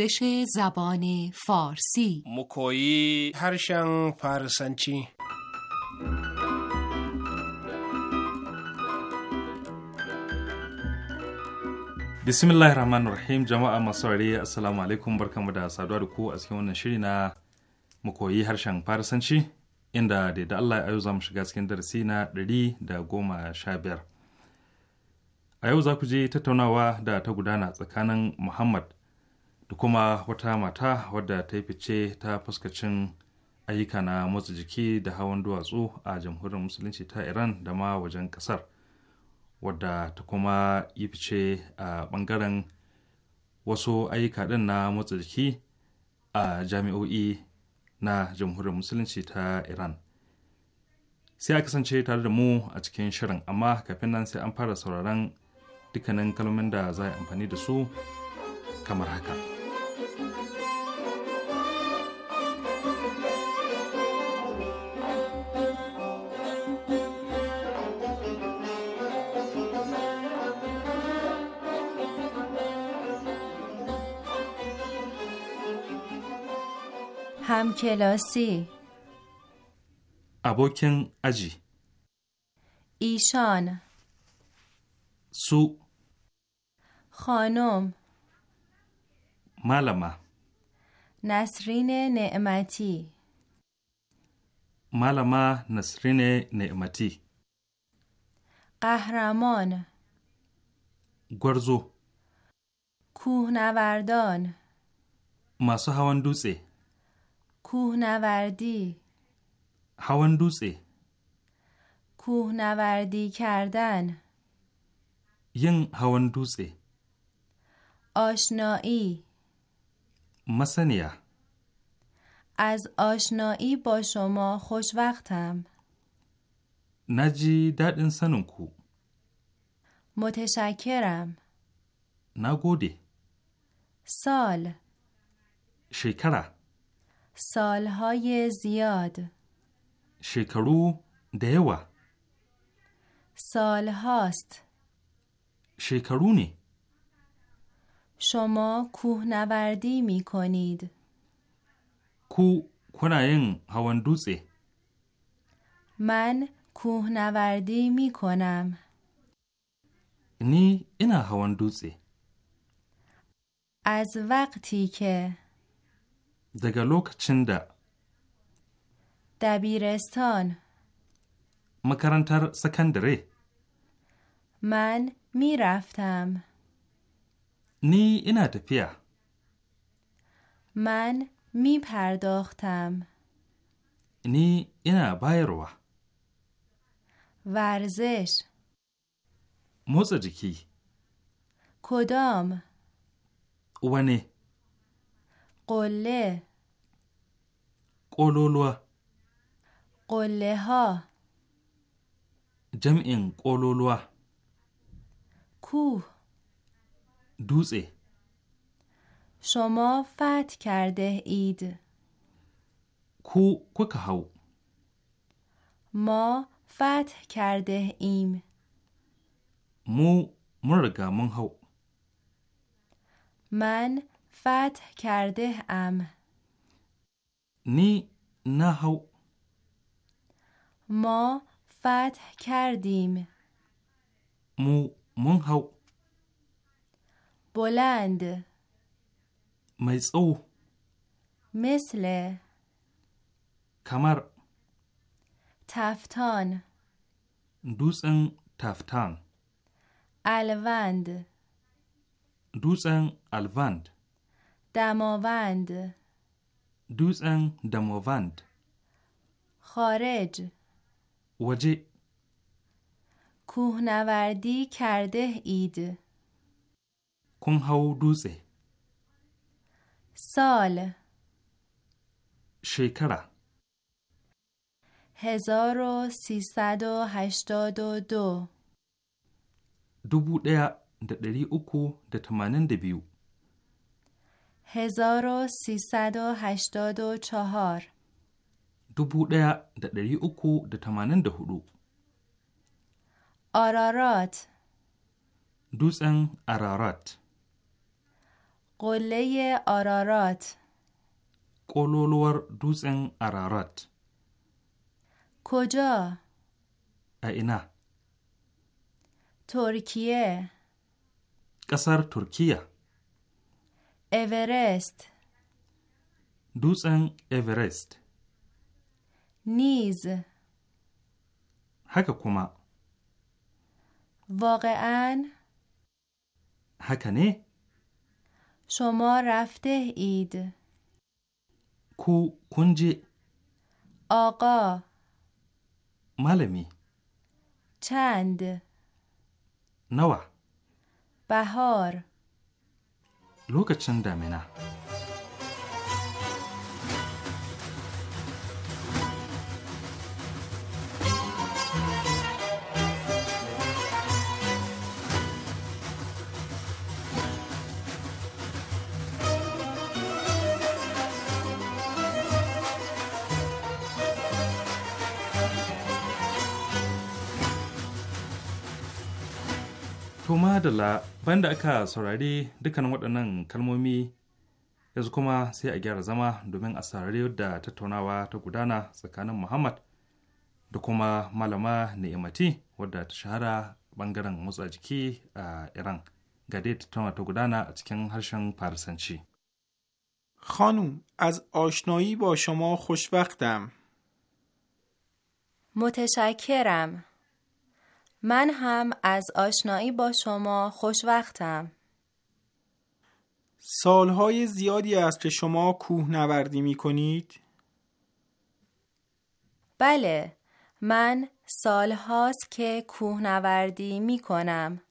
آموزش زبان فارسی مکویی هرشن فارسنچی bismillahir rahmanir rahim jama'a masu ware assalamu alaikum barkamu da saduwa da ku a cikin wannan shiri na mu koyi harshen farisanci inda da Allah yau za mu shiga cikin darasi na ɗari da goma sha biyar a yau za ku je tattaunawa da ta gudana tsakanin muhammad da kuma wata mata wadda ta yi fice ta fuskacin ayyuka na motsa jiki da hawan duwatsu a jamhuriyar musulunci ta iran da ma wajen kasar wadda ta kuma yi fice a bangaren wasu ayyuka din na motsa jiki a jami'o'i na jamhuriyar musulunci ta iran sai a kasance tare da mu a cikin shirin amma kafin nan sai an fara sauraron dukkanin kalmomin da za a amfani da su kamar haka. همکلاسی ابوکن اجی ایشان سو خانم مالما نسرین نعمتی مالما نسرین نعمتی قهرمان گرزو کوهنوردان ماسو هوان کوهنوردی هاون دوسه کوهنوردی کردن ین هاون دوسه آشنایی مسنیا از آشنایی با شما وقتم. نجی در انسانون کو متشکرم نگودی. سال شکره سالهای زیاد شکرو دیوه سال هاست شکرونی شما نوردی می کنید کو کناین هوان دوزه من نوردی می کنم نی اینا هوان از وقتی که daga lokacin da dabirestan makarantar sakandare man miraftam ni ina tafiya man mi pardoxtam ni ina bayarwa varzish motsa jiki kodam wane قله قلولوا قله ها جمع قلولوا کوه دوزه شما فت کرده اید کو کوک هاو ما فتح کرده ایم مو مرگا من هاو من فتح کرده ام نی نهو ما فتح کردیم مو منهو بلند میسو مثل کمر تفتان دوسن تفتان الوند دوسن الوند دماوند دوزن دماوند خارج وجه کوهنوردی کرده اید کنهاو دوزه سال شکره هزار و سیصد و هشتاد و دو دوبو دیا da ɗari uku بیو 1384 dubu ɗaya da ɗari uku da tamanin da hudu ararat dutsen ararat قله آرارات قلولور دوزن آرارات کجا؟ اینا ترکیه قصر ترکیه اورست دوزن اورست نیز هکا کما واقعا هکنه شما رفته اید کو کنج آقا ملمی چند نوا بهار lokacin damina. To madalla bayan da aka saurari dukkanin waɗannan kalmomi yanzu kuma sai a gyara zama domin a saurari yadda tattaunawa ta gudana tsakanin Muhammad da kuma malama Ni'imati wadda ta shahara bangaren motsa jiki a Iran. Ga dai tattaunawa ta gudana a cikin harshen Farisanci. خانوم از آشنایی با شما خوشوقتم متشکرم من هم از آشنایی با شما خوشوقتم. سالهای زیادی است که شما کوهنوردی می کنید؟ بله، من سالهاست که کوهنوردی می کنم.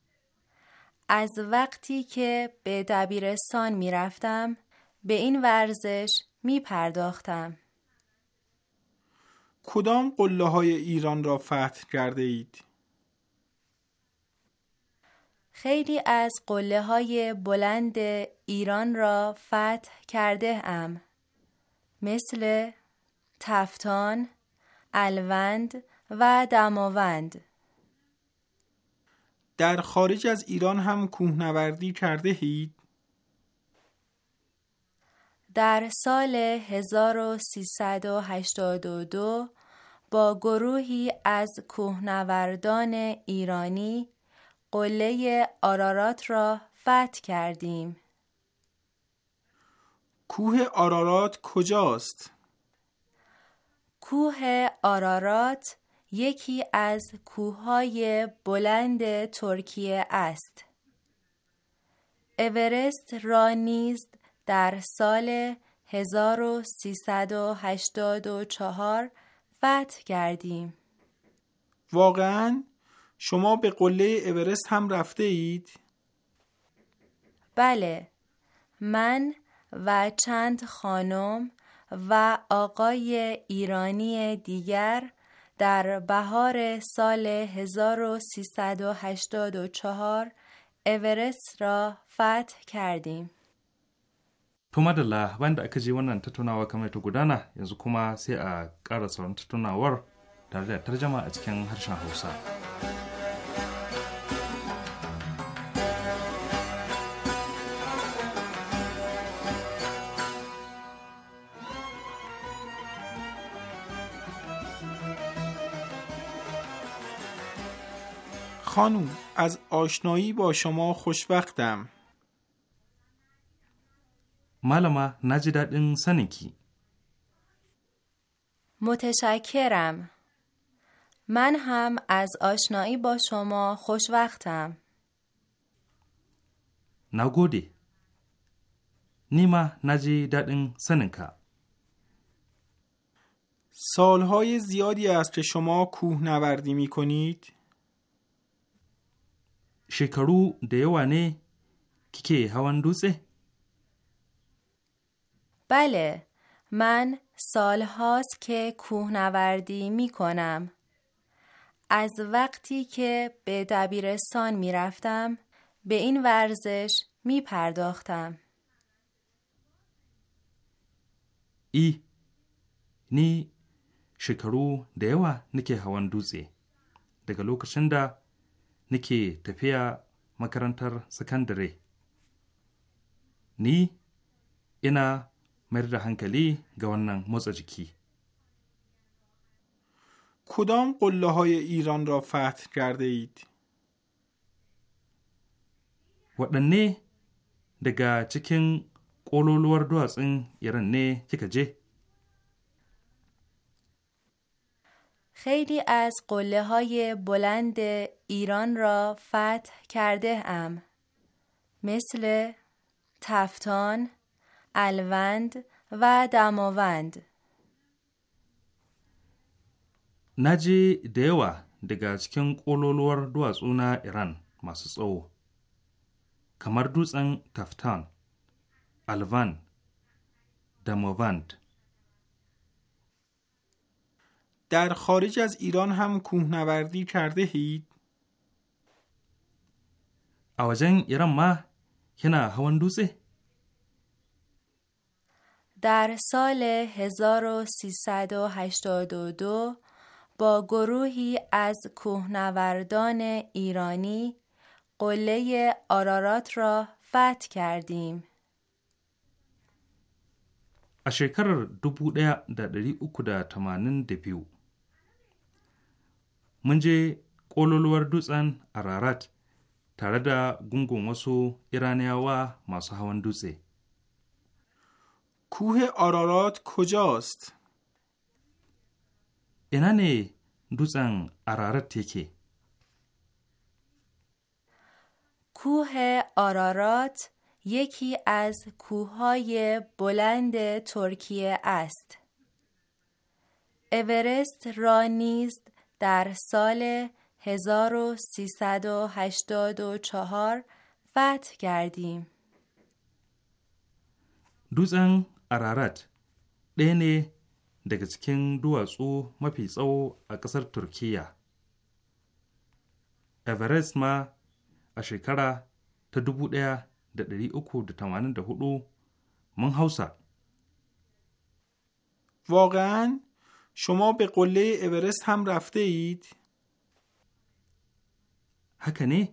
از وقتی که به دبیرستان می رفتم، به این ورزش می پرداختم. کدام قله های ایران را فتح کرده اید؟ خیلی از قله های بلند ایران را فتح کرده ام مثل تفتان، الوند و دماوند در خارج از ایران هم کوهنوردی کرده هید؟ در سال 1382 با گروهی از کوهنوردان ایرانی قله آرارات را فتح کردیم. کوه آرارات کجاست؟ کوه آرارات یکی از کوههای بلند ترکیه است. اورست را نیز در سال 1384 فتح کردیم. واقعا شما به قله اورست هم رفته اید؟ بله من و چند خانم و آقای ایرانی دیگر در بهار سال 1384 اورست را فتح کردیم. To madalla bayan da aka ji wannan tattaunawa kamar ta gudana yanzu kuma sai a ƙara sauran tattaunawar tare da tarjama a cikin harshen Hausa. خانوم از آشنایی با شما خوشوقتم مالما نجی این سنکی متشکرم من هم از آشنایی با شما خوشوقتم نگودی نیما نجی دادن سننکا سالهای زیادی است که شما کوهنوردی می کنید؟ شکرو دیوانه که هوان دوزه؟ بله من سال هاست که کوهنوردی می کنم. از وقتی که به دبیرستان می رفتم به این ورزش می پرداختم. ای نی شکرو دیوه نکه هوان دوزه. دگلو nake tafiya makarantar sakandare. Ni ina mayar da hankali ga wannan motsa jiki. کدام قله های ایران را فتح کرده اید؟ waɗanne daga cikin ƙololuwar duwatsun iran ne kika je? خیلی از قله های بلند ایران را فتح کرده ام مثل تفتان، الوند و دماوند نجی دیوا دگر چکن قلولور دو از اونا ایران ماسس او تفتان، الوند، دماوند در خارج از ایران هم کوهنوردی کرده هید؟ ایران ما کنا هوان دوزه؟ در سال 1382 با گروهی از کوهنوردان ایرانی قله آرارات را فتح کردیم. در اکده تمانن 1382 mun je ƙololuwar dutsen ararat tare da gungun wasu iraniyawa masu hawan dutse kuhe ararat kujast ina ne dutsen ararat یکی کوه آرارات یکی از کوههای بلند ترکیه است. اورست را نیز در سال 1384 فتح کردیم. dutsen ararat ɗaya ne daga cikin duwatsu mafi tsawo a ƙasar Turkiyya, everest ma a shekara ta 1384 mun hausa واقعا شما به قله اورست هم رفته اید؟ هکنه؟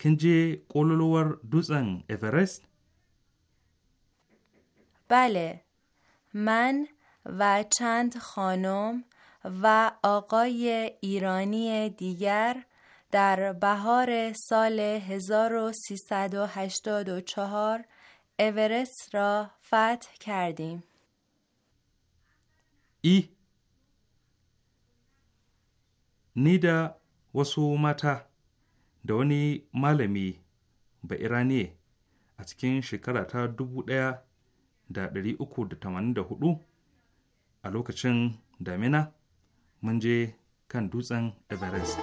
کنجی Kin دوزن اورست؟ بله من و چند خانم و آقای ایرانی دیگر در بهار سال 1384 اورست را فتح کردیم. i ni da wasu mata da wani malami ba iraniye a cikin shekara ta 1384 a lokacin damina mun je kan dutsen everest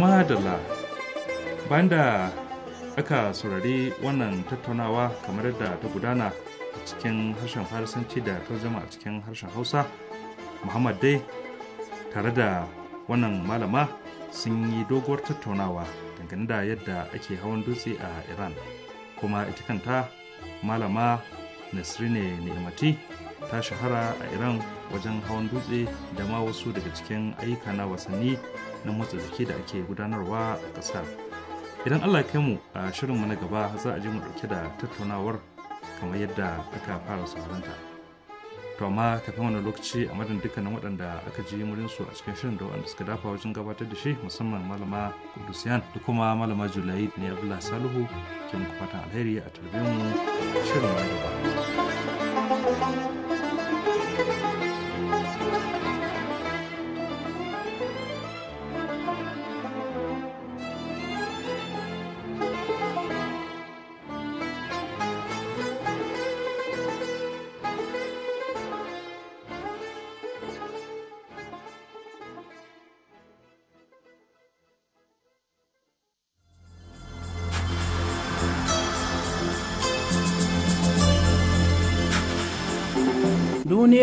madalla bayan da aka saurari wannan tattaunawa kamar yadda ta gudana a cikin harshen farisanci da ta zama a cikin harshen hausa muhammad dai tare da wannan malama sun yi doguwar tattaunawa dangane da yadda ake hawan dutse a iran kuma ita kanta malama nasrine ni'imati ta shahara a iran wajen hawan dutse da ma wasu daga cikin ayyuka na wasanni na motsa jiki da ake gudanarwa a ƙasar idan allah kai mu a shirinmu na gaba za a ji mu ɗauke da tattaunawar kamar yadda aka fara sauranta to amma kafin wani lokaci a madadin dukkanin waɗanda aka ji murinsu a cikin shirin da waɗanda suka dafa wajen gabatar da shi musamman malama kudusiyan da kuma malama julai ne abdullahi saluhu ke muku fatan alheri a tarbe mu shirin na gaba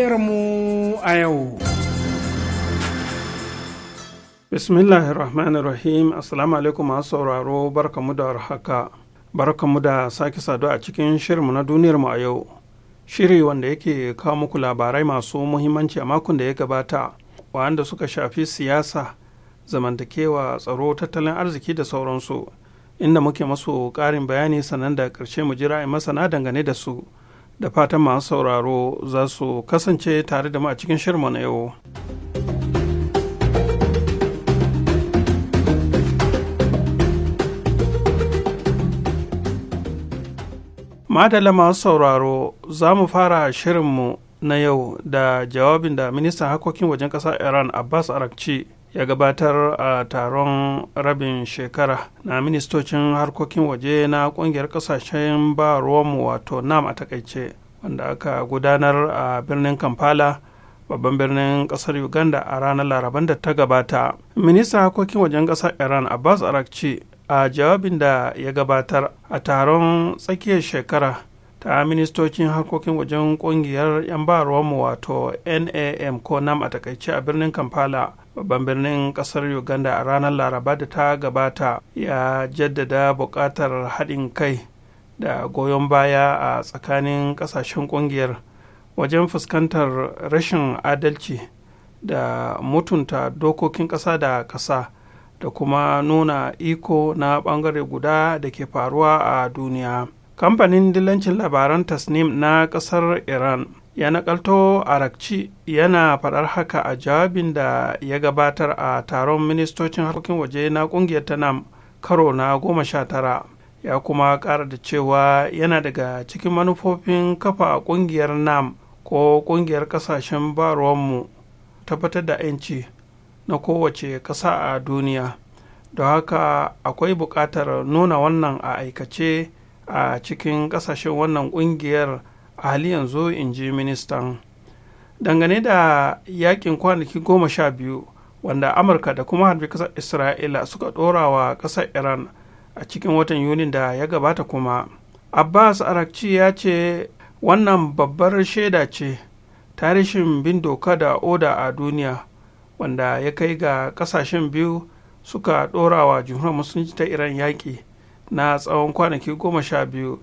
duniyarmu a yau. Bismillahir Rahmanir Rahim Assalamu alaikum masu sauraro barkamu da warhaka. Barkamu da sake saduwa a cikin shirinmu na duniyarmu a yau. Shiri wanda yake kawo muku labarai masu muhimmanci a makon da ya gabata, wanda suka shafi siyasa, zamantakewa, tsaro, tattalin arziki da sauransu. Inda muke masu ƙarin bayani sannan da ƙarshe mu jira masana dangane da su. da fatan masu sauraro za su kasance tare da mu a cikin shirma na yau. Madalla masu sauraro za mu fara shirinmu na yau da jawabin da ministan harkokin wajen ƙasar Iran Abbas Arakci ya gabatar a taron rabin shekara na ministocin harkokin waje na kungiyar kasashen ba ruwanmu wato nam a takaice wanda aka gudanar a birnin kampala babban birnin kasar uganda a ranar laraban da ta gabata ministan harkokin wajen kasar iran abbas arakci a jawabin da ya gabatar a taron tsakiyar shekara ta ministocin harkokin wajen kungiyar 'yan mu wato nam ko nam a takaice a birnin kampala babban birnin kasar uganda a ranar laraba da ta gabata ya jaddada buƙatar haɗin kai da goyon baya a tsakanin ƙasashen kungiyar wajen fuskantar rashin adalci da mutunta dokokin ƙasa da ƙasa da kuma nuna iko na ɓangare guda da ke faruwa a duniya. kamfanin dillancin labaran tasnim na kasar iran ya nakalto arakci yana faɗar haka a jawabin da ya gabatar a taron ministocin harkokin waje na ƙungiyar ta nam karo na goma sha tara ya kuma ƙara da cewa yana daga cikin manufofin kafa a ƙungiyar nam ko ƙungiyar ƙasashen baruwanmu tabbatar da 'yanci na kowace ƙasa a duniya don haka akwai buƙatar nuna wannan a aikace a cikin ƙasashen wannan ƙungiyar a hali yanzu in ji ministan dangane da yakin kwanaki goma sha biyu wanda amurka da kuma harbi kasar isra'ila suka ɗora wa ƙasar iran a cikin watan yuni da ya gabata kuma abbas arakci ya ce wannan babbar shaida ce tarihin bin doka da oda a duniya wanda ya kai ga ƙasashen biyu suka ɗora wa jumhuriyar musulunci ta iran yaƙi na tsawon kwanaki goma sha biyu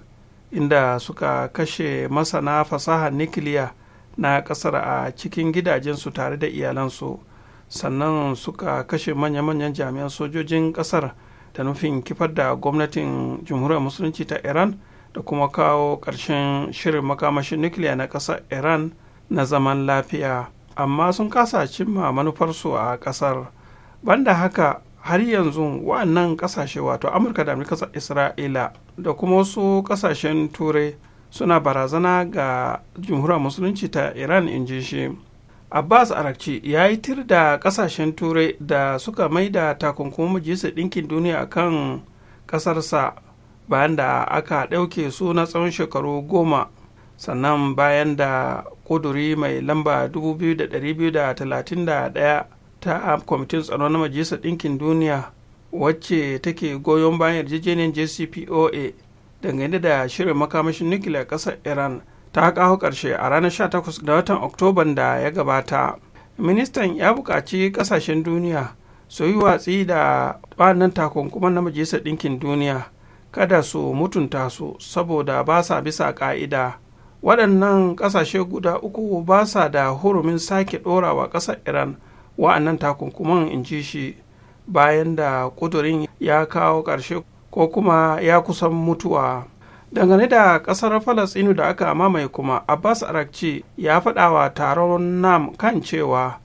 inda suka kashe masana fasahar nikiliya na kasar a cikin gidajensu tare da iyalansu sannan suka kashe manya-manyan jami'an sojojin kasar da nufin kifar da gwamnatin jamhuriyar musulunci ta iran da kuma kawo ƙarshen shirin makamashin nukiliya na kasar iran na zaman lafiya amma sun kasa cimma manufarsu a ƙasar banda haka har yanzu wannan kasashe wato amurka da amurka isra'ila da kuma wasu kasashen turai suna barazana ga jamhuriyar musulunci ta iran in ji shi abbas arakci ya yi tir da kasashen turai da suka maida takunkumin majalisar ɗinkin duniya kan ƙasarsa bayan da aka ɗauke su na tsawon shekaru goma sannan bayan da ƙuduri mai lamba 2231 ta kwamitin tsaro na majalisar ɗinkin duniya wacce take goyon bayan yarjejeniyar jcpoa dangane da shirin makamashin nukiliya ƙasar iran ta kawo ƙarshe a ranar 18 da watan oktoban da ya gabata ministan ya buƙaci ƙasashen duniya su yi watsi da wannan takunkuman na majalisar ɗinkin duniya kada su mutunta su saboda ba sa bisa ƙa'ida waɗannan ƙasashe guda uku ba sa da hurumin sake ɗorawa ƙasar iran wa'annan takunkuman in ji shi bayan da ƙudurin ya kawo ƙarshe ko kuma ya kusan mutuwa dangane da ƙasar falasinu da aka mamaye kuma abbas arakci ya faɗawa taron nam kan cewa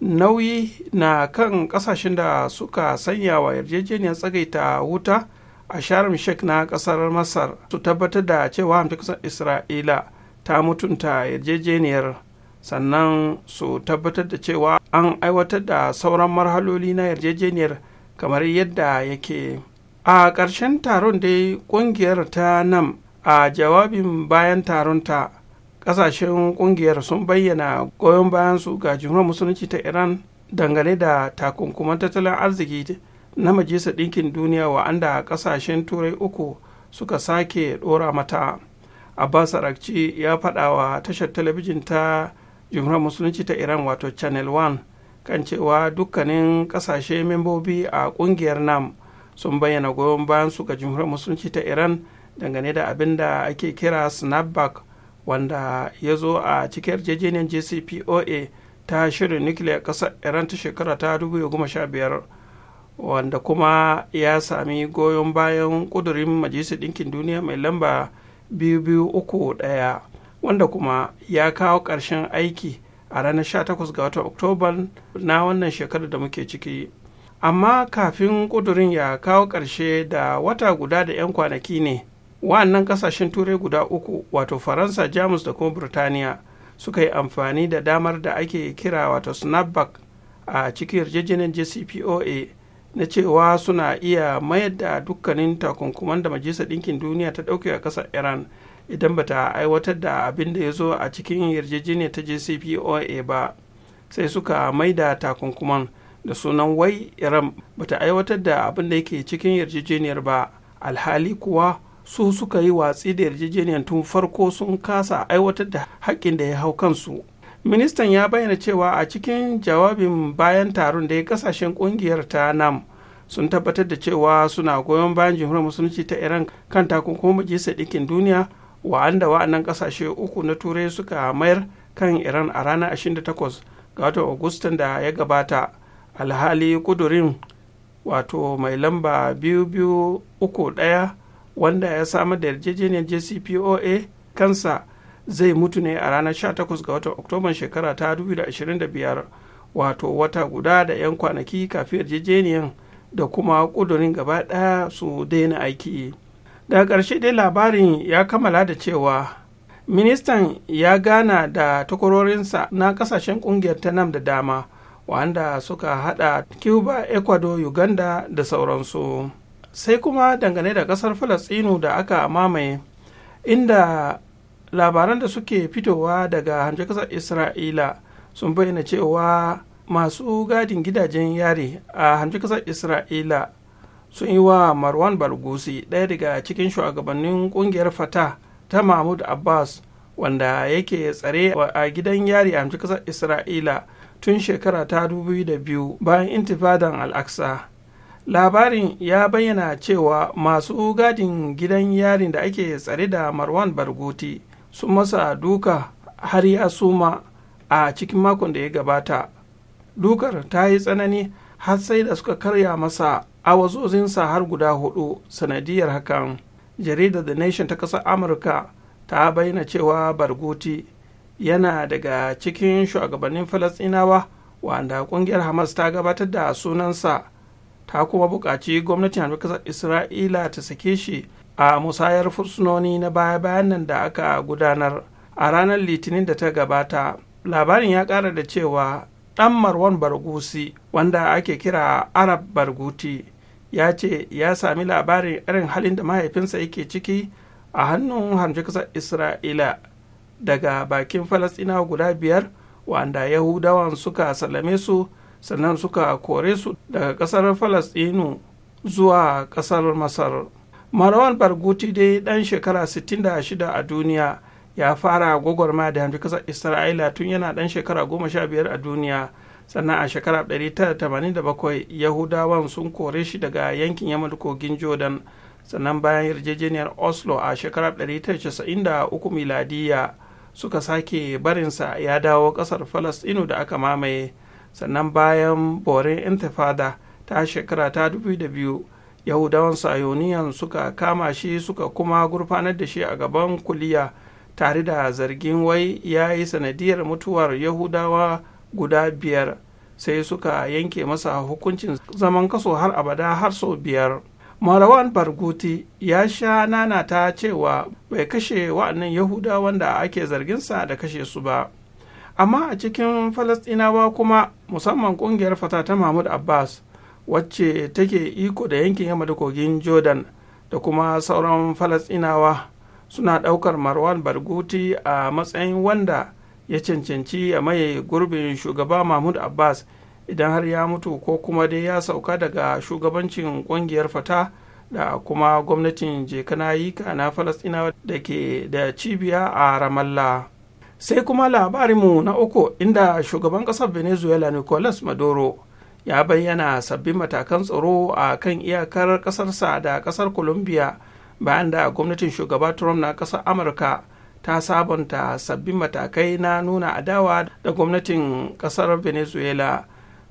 nauyi na kan ƙasashen da suka sanya wa yarjejeniyar tsagaita wuta a sharm sheikh na ƙasar masar su tabbatar da cewa ƙasar isra'ila ta mutunta yarjejeniyar sannan su tabbatar da cewa an aiwatar da sauran marhaloli na yarjejeniyar kamar yadda yake a ƙarshen taron dai ƙungiyar ta nam a jawabin bayan taron ta ƙasashen ƙungiyar sun bayyana goyon bayan su ga jumhuriyar musulunci ta iran dangane da takunkuman tattalin arziki na majalisar ɗinkin duniya wa'anda ƙasashen turai uku suka sake ɗora mata abbas arakci ya faɗa wa tashar talabijin ta jumhuriyar musulunci ta iran wato channel 1 kan cewa dukkanin kasashe membobi a kungiyar nam sun bayyana goyon bayan su ga jumhuriyar musulunci ta iran dangane da abin da ake kira snapback wanda ya zo a cikin yarjejeniyar jcpoa ta shirin nukiliyar kasar iran ta shekara ta 2015 wanda kuma ya sami goyon bayan kudurin majalisar ɗinkin duniya mai lamba 2231 wanda kuma ya kawo ƙarshen aiki a ranar 18 ga watan oktoba na wannan shekarar da muke ciki amma kafin ƙudurin ya kawo ƙarshe da wata guda da 'yan kwanaki ne wa'annan ƙasashen turai guda uku wato faransa jamus da kuma burtaniya suka yi amfani da damar da ake kira wato snapback a cikin yarjejeniyar jcpoa na cewa suna iya mayar da dukkanin takunkuman da majalisar ɗinkin duniya ta ɗauke a ƙasar iran idan bata aiwatar da abin da ya zo a cikin yarjejeniyar ta jcpoa ba sai suka maida takunkuman da sunan wai iran bata aiwatar da abin da yake cikin yarjejeniyar ba alhali kuwa su suka yi watsi da yarjejeniyar tun farko sun kasa aiwatar da haƙƙin da ya hau kansu ministan ya bayyana cewa a cikin jawabin bayan taron da ya kasashen kungiyar ta nam sun tabbatar da cewa suna goyon bayan jamhuriyar musulunci ta iran kan takunkumin majalisar ɗinkin duniya wa'anda wa'annan kasashe uku na turai suka mayar kan iran a ranar 28 ga watan agustan da ya gabata alhali kudurin wato mai lamba daya wanda ya samar da yarjejeniyar jcpoa kansa zai mutu ne a ranar 18 ga watan oktoban shekara ta 2025 wato wata guda da 'yan kwanaki kafin yarjejeniyar da kuma kudurin gaba daya su daina aiki daga ƙarshe dai labarin ya kammala da cewa ministan ya gana da takwarorinsa na kasashen ƙungiyar ta nam da dama wanda suka hada cuba ecuador uganda da sauransu sai kuma dangane da ƙasar falastinu da aka mamaye inda labaran da suke fitowa daga hanjar ƙasar isra'ila sun bayyana cewa masu gadin gidajen yari a hanjar ƙasar isra'ila sun yi wa marwan Bargusi, ɗaya daga cikin shugabannin ƙungiyar fata ta mahmud abbas wanda yake tsare a gidan yari a ƙasar isra'ila tun shekara ta biyu bayan intifadan al'aksa labarin ya bayyana cewa masu gadin gidan yarin da ake tsare da marwan Barguti sun masa duka har ya suma a cikin makon da ya gabata dukar ta yi tsanani har sai da suka karya masa a wazozinsa har guda hudu sanadiyar hakan jaridar the nation ta ƙasar amurka ta bayyana cewa barguti yana daga cikin shugabannin falasinawa wanda ƙungiyar hamas ta gabatar da sunansa ta kuma buƙaci gwamnatin ƙasar isra'ila ta sake shi a musayar fursunoni na baya-bayan nan da aka gudanar a ranar litinin da ta gabata labarin ya ƙara da cewa ɗan marwan bargusi wanda ake kira arab barguti ya ce ya sami labarin irin halin da mahaifinsa yake ciki a hannun hamjikasar isra'ila daga bakin falastina guda biyar wanda yahudawan suka sallame su sannan suka kore su daga kasar falasinu zuwa kasar masar marwan barguti dai dan shekara 66 a duniya ya fara gwagwarma da hamjikasar isra'ila tun yana dan shekara 15 a duniya sannan a shekara 1987 yahudawan sun kore shi daga yankin yamma kogin jordan sannan bayan yarjejeniyar oslo a shekara 1993 miladiya suka sake barinsa ya dawo kasar falastinu da aka mamaye sannan bayan borin intifada ta shekara ta 2002 yahudawan sayoniyan suka kama shi suka kuma gurfanar da shi a gaban kuliya tare da zargin wai ya yi sanadiyar mutuwar yahudawa guda biyar sai suka yanke masa hukuncin zaman kaso har abada har so biyar marawan barguti ya sha nana ta cewa bai kashe wa'annan yahuda wanda ake zarginsa da kashe su ba amma a cikin falastinawa kuma musamman kungiyar fata ta mahmud abbas wacce take iko da yankin yamma da kogin jordan da kuma sauran falastinawa suna ɗaukar marwan barguti a matsayin wanda ya cancanci ya maye gurbin shugaba mahmud abbas idan har ya mutu ko kuma dai ya sauka daga shugabancin kungiyar fata da kuma gwamnatin jekanayika na falastinawa da ke da cibiya a ramallah sai kuma labarinmu na uku inda shugaban kasar venezuela nicolas maduro ya bayyana sabbin matakan tsaro a kan iyakar kasarsa da kasar colombia bayan da gwamnatin shugaba trump na kasar amurka ta sabonta sabbin matakai na nuna adawa da gwamnatin kasar venezuela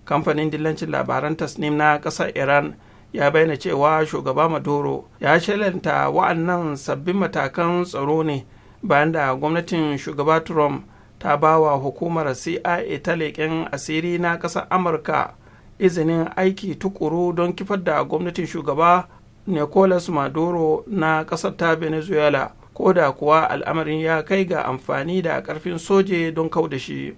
kamfanin dillancin labaran tasnim na kasar iran ya bayyana cewa shugaba maduro ya shalanta wa'annan sabbin matakan tsaro ne bayan da gwamnatin shugaba trump ta ba wa hukumar cia ta leƙen asiri na ƙasar amurka izinin aiki tukuru don kifar da gwamnatin shugaba nicolas maduro na ƙasar ta venezuela ko da kuwa al'amarin ya kai ga amfani da ƙarfin soje don kau da shi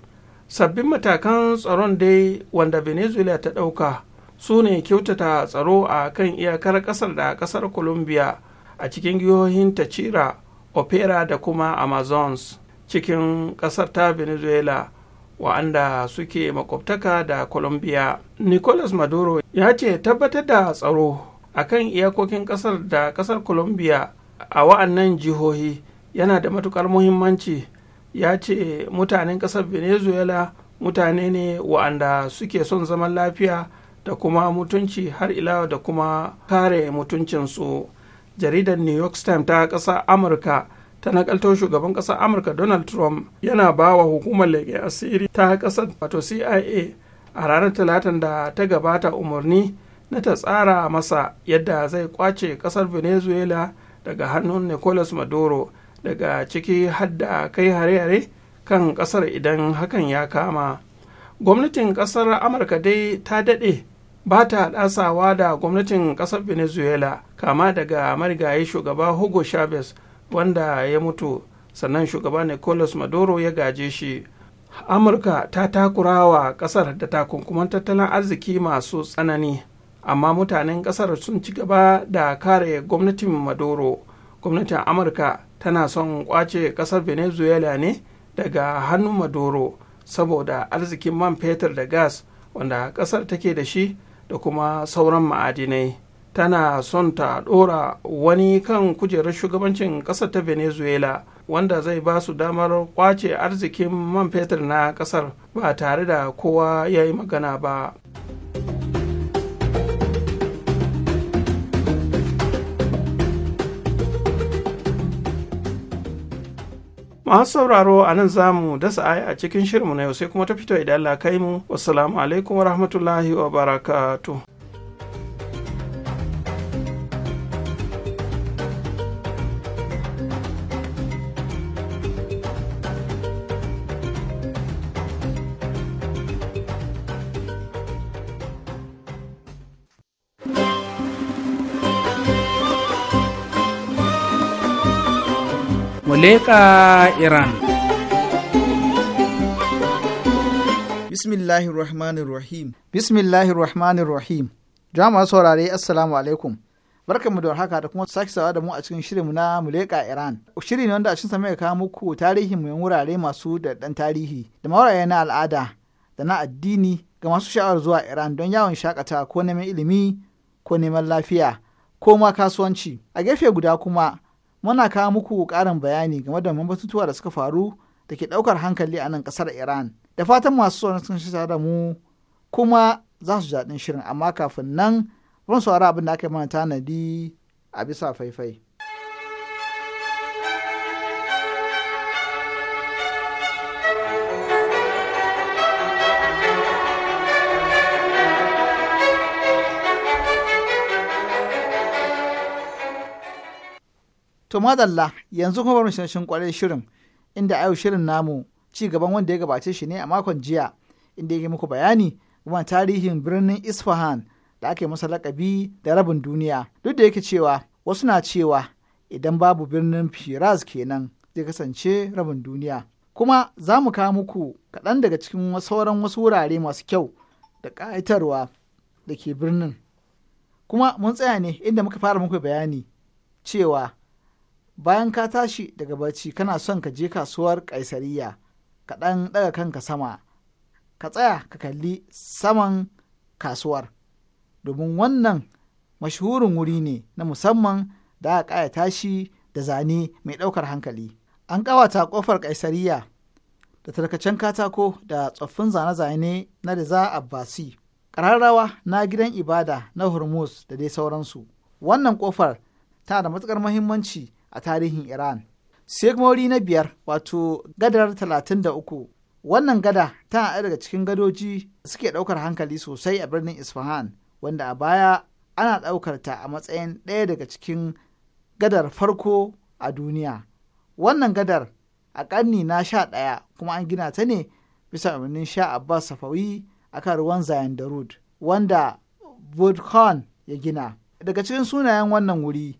sabbin matakan tsaron dai wanda venezuela ta ɗauka su ne kyautata tsaro a kan iyakar ƙasar da ƙasar colombia a cikin giyohin cira opera da kuma amazons cikin ƙasar ta venezuela wa'anda suke makwabtaka da colombia nicolas maduro ya ce tabbatar da tsaro a kan iyakokin ƙasar da ƙasar colombia a wa'annan jihohi yana da matukar muhimmanci ya ce mutanen ƙasar venezuela mutane ne wa'anda suke son zaman lafiya da kuma mutunci har ila da kuma kare mutuncinsu jaridar new york times ta ƙasa amurka ta nakalto shugaban ƙasar amurka donald trump yana ba wa hukumar leƙen asiri ta ƙasar wato cia a ranar talatin da ta gabata umarni na ta tsara masa yadda zai kwace ƙasar venezuela daga hannun nicolas maduro daga ciki hadda kai hare-hare kan kasar idan hakan ya kama gwamnatin kasar amurka dai ta dade ba ta ɗasawa da gwamnatin kasar venezuela kama daga marigayi shugaba hugo chavez wanda ya mutu sannan shugaba nicolas maduro ya gaje shi amurka ta takurawa kasar da takunkuman tattalin arziki masu tsanani amma mutanen kasar sun ci gaba da kare gwamnatin maduro gwamnatin amurka tana son kwace kasar venezuela ne daga hannun maduro saboda arzikin man fetur da gas wanda kasar take da shi da kuma sauran ma'adinai tana son ta dora wani kan kujerar shugabancin kasar ta venezuela wanda zai ba su damar kwace arzikin man fetur na kasar ba tare da kowa ya yi magana ba. masu sauraro a nan za mu dasa aya a cikin shirinmu na yau sai kuma ta fito idan Allah kai mu wassalamu alaikum wa rahmatullahi wa barakatuh Muleka Iran. Rahmanir Rahim. Jama'a saurare Assalamu alaikum. Barkanmu da warhaka da kuma sake sawa da mu a cikin shirinmu na Muleka Iran. Shiri ne wanda a cikin sa mai kawo muku tarihi mu wurare masu da dan tarihi da mauraye na al'ada da na addini ga masu sha'awar zuwa Iran don yawon shakata ko neman ilimi ko neman lafiya ko ma kasuwanci. A gefe guda kuma muna kawo muku ƙarin bayani game da batutuwa da suka faru da ke ɗaukar hankali a nan ƙasar Iran. Da fatan masu sauran sun shi da mu kuma za su jaɗin shirin amma kafin nan ran saurara abin da aka yi mana tanadi a bisa faifai. To madalla yanzu kuma bari mu kwarai shirin inda ayo shirin namu ci gaban wanda ya gabace shi ne a makon jiya inda ya muku bayani kuma tarihin birnin Isfahan da ake masa lakabi da rabin duniya. Duk da yake cewa wasu na cewa idan babu birnin Firaz kenan zai kasance rabin duniya. Kuma za mu kawo muku kaɗan daga cikin sauran wasu wurare masu kyau da ƙayatarwa da ke birnin. Kuma mun tsaya ne inda muka fara muku bayani cewa bayan ka tashi daga barci kana son ka je kasuwar kaisariya ka ɗan ɗaga kanka sama ka tsaya ka kalli saman kasuwar domin wannan mashhurin wuri ne na musamman da aka ƙayata shi da zane mai ɗaukar hankali an ƙawata ƙofar kaisariya da tarkacen katako da tsoffin zane-zane na riza abbasi ƙararrawa na gidan ibada na hormuz da dai sauransu wannan ƙofar tana da matuƙar muhimmanci a tarihin Iran. Sai na biyar wato gadar talatin da uku. Wannan gada tana ɗaya daga cikin gadoji suke ɗaukar hankali sosai a birnin Isfahan wanda a baya ana ɗaukar ta a matsayin ɗaya daga cikin gadar farko a duniya. Wannan gadar a ƙarni na sha ɗaya kuma an gina ta ne bisa umarnin sha Abbas Safawi akan ruwan Zayan Darud wanda Budkhan ya gina. Daga cikin sunayen wannan wuri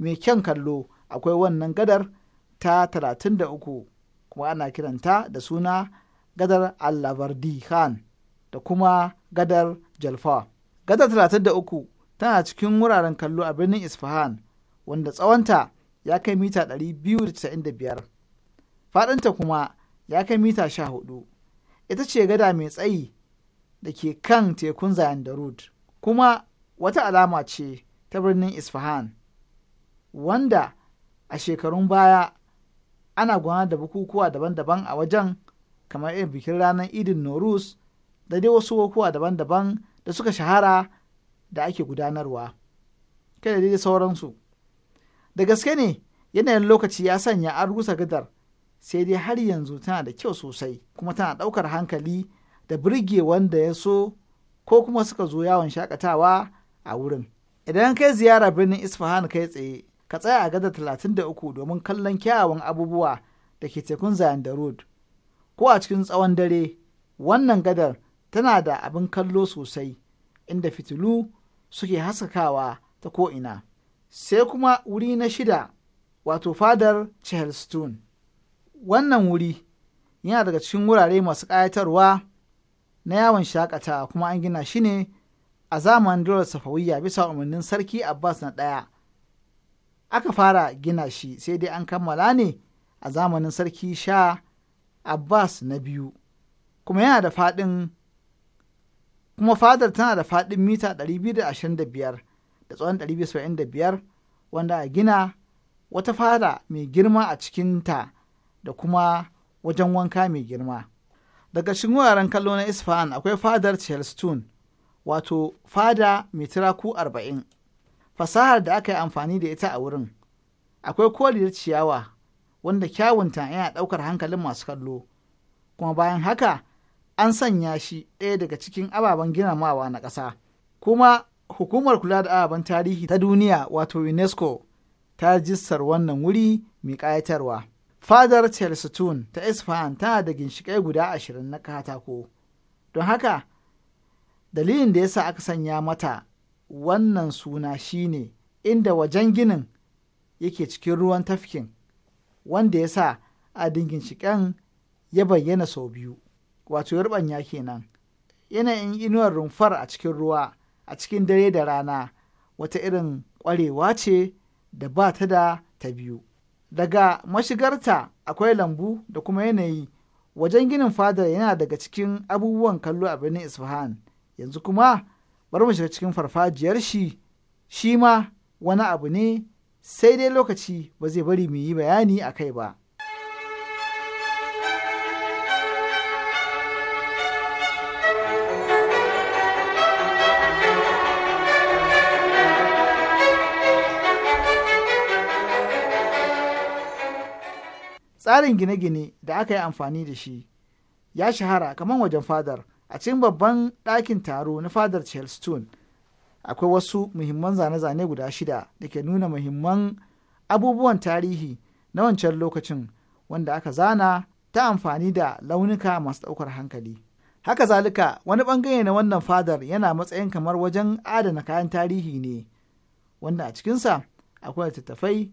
mai kyan kallo akwai wannan gadar ta 33 kuma ana kiranta da suna gadar Allabardi Khan da kuma gadar Jalfa. Gadar 33 tana cikin wuraren kallo a birnin Isfahan wanda tsawonta ya kai mita 295 faɗinta kuma ya kai mita 14 ita ce gada mai tsayi da ke kan tekun zayan darud kuma wata alama ce ta birnin Isfahan wanda a shekarun baya ana gwana da bukukuwa daban-daban a wajen kamar irin bikin ranar idin norus da dai wasu bukukuwa daban-daban da suka shahara da ake gudanarwa kai da dai sauransu da gaske ne yanayin lokaci ya sanya an rusa gadar sai dai har yanzu tana da kyau sosai kuma tana ɗaukar hankali da birge wanda ya so ko kuma suka zo yawon shakatawa a wurin idan kai ziyara birnin isfahan kai tsaye ka tsaya a gada 33 domin kallon kyawawan abubuwa da ke tekun zayan da road ko a cikin tsawon dare wannan gadar tana da abin kallo sosai inda fitilu suke haskakawa ta ko'ina sai kuma wuri na shida wato fadar Charleston. Wannan wuri yana daga cikin wurare masu ƙayatarwa na yawon shakatawa kuma an gina shi ne a zamanin daular safawiya bisa umarnin sarki Abbas na ɗaya aka fara gina shi sai dai an kammala ne a zamanin sarki sha abbas na biyu kuma yana da fadin kuma fadar tana da faɗin mita 225 da tsawon 275 wanda a gina wata fada mai girma a cikinta da kuma wajen wanka mai girma daga cikin wuraren kallo na isfahan akwai fadar chelstone wato fada mai tiraku arba'in. fasahar da aka yi amfani da ita a wurin akwai koriyar ciyawa wanda kyawunta yana ɗaukar hankalin masu kallo kuma bayan haka an sanya shi ɗaya daga cikin ababen ginamawa na ƙasa kuma hukumar kula da ababen tarihi ta duniya wato unesco ta jistar wannan wuri mai ƙayatarwa fadar chelstone ta isfahan tana da ginshiƙai guda ashirin na katako don haka dalilin da yasa aka sanya mata wannan suna shi ne inda wajen ginin yake cikin ruwan tafkin wanda ya sa a dingin shiƙen ya bayyana sau biyu wato yarbanya kenan yanayin inuwar rumfar a cikin ruwa a cikin dare da rana wata irin ƙwarewa ce da ba ta da ta biyu daga mashigarta akwai lambu da kuma yanayi wajen ginin fadar yana daga cikin abubuwan kallo a birnin isfahan yanzu kuma bari mu shiga cikin farfajiyar shi shi ma wani abu ne sai dai lokaci ba zai bari mu yi bayani a kai ba. Tsarin gine-gine da aka yi amfani da shi ya shahara kamar wajen fadar a cikin babban ɗakin taro na fadar Charleston akwai wasu muhimman zane-zane guda shida da ke nuna muhimman abubuwan tarihi na wancan lokacin wanda aka zana ta amfani da launuka masu ɗaukar hankali. Haka zalika wani ɓangare na wannan fadar yana matsayin kamar wajen adana kayan tarihi ne wanda a cikinsa akwai littattafai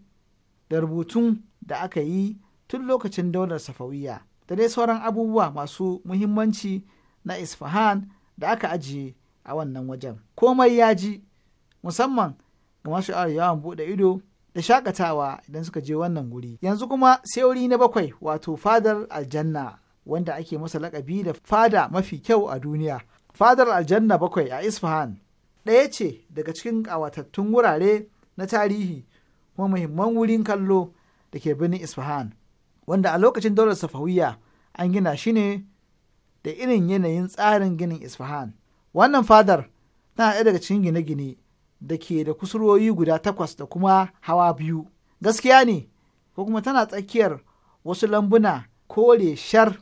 da rubutun da aka yi tun lokacin daular safawiya da dai sauran abubuwa masu muhimmanci na isfahan da aka ajiye a wannan wajen komai ya ji musamman ga masu yawon buɗe ido da shakatawa idan suka je wannan guri yanzu kuma sai wuri na bakwai wato fadar aljanna wanda ake masa lakabi da fada mafi kyau a duniya fadar aljanna bakwai a isfahan ɗaya ce daga cikin ƙawatattun wurare na tarihi kuma muhimman wurin kallo da ke birnin isfahan wanda a lokacin daular safawiya an gina shi ne da irin yanayin tsarin ginin Isfahan. Wannan fadar tana ɗaya daga cikin gine-gine da ke da kusurwoyi guda takwas da kuma hawa biyu. Gaskiya ne, ko kuma tana tsakiyar wasu lambuna kore shar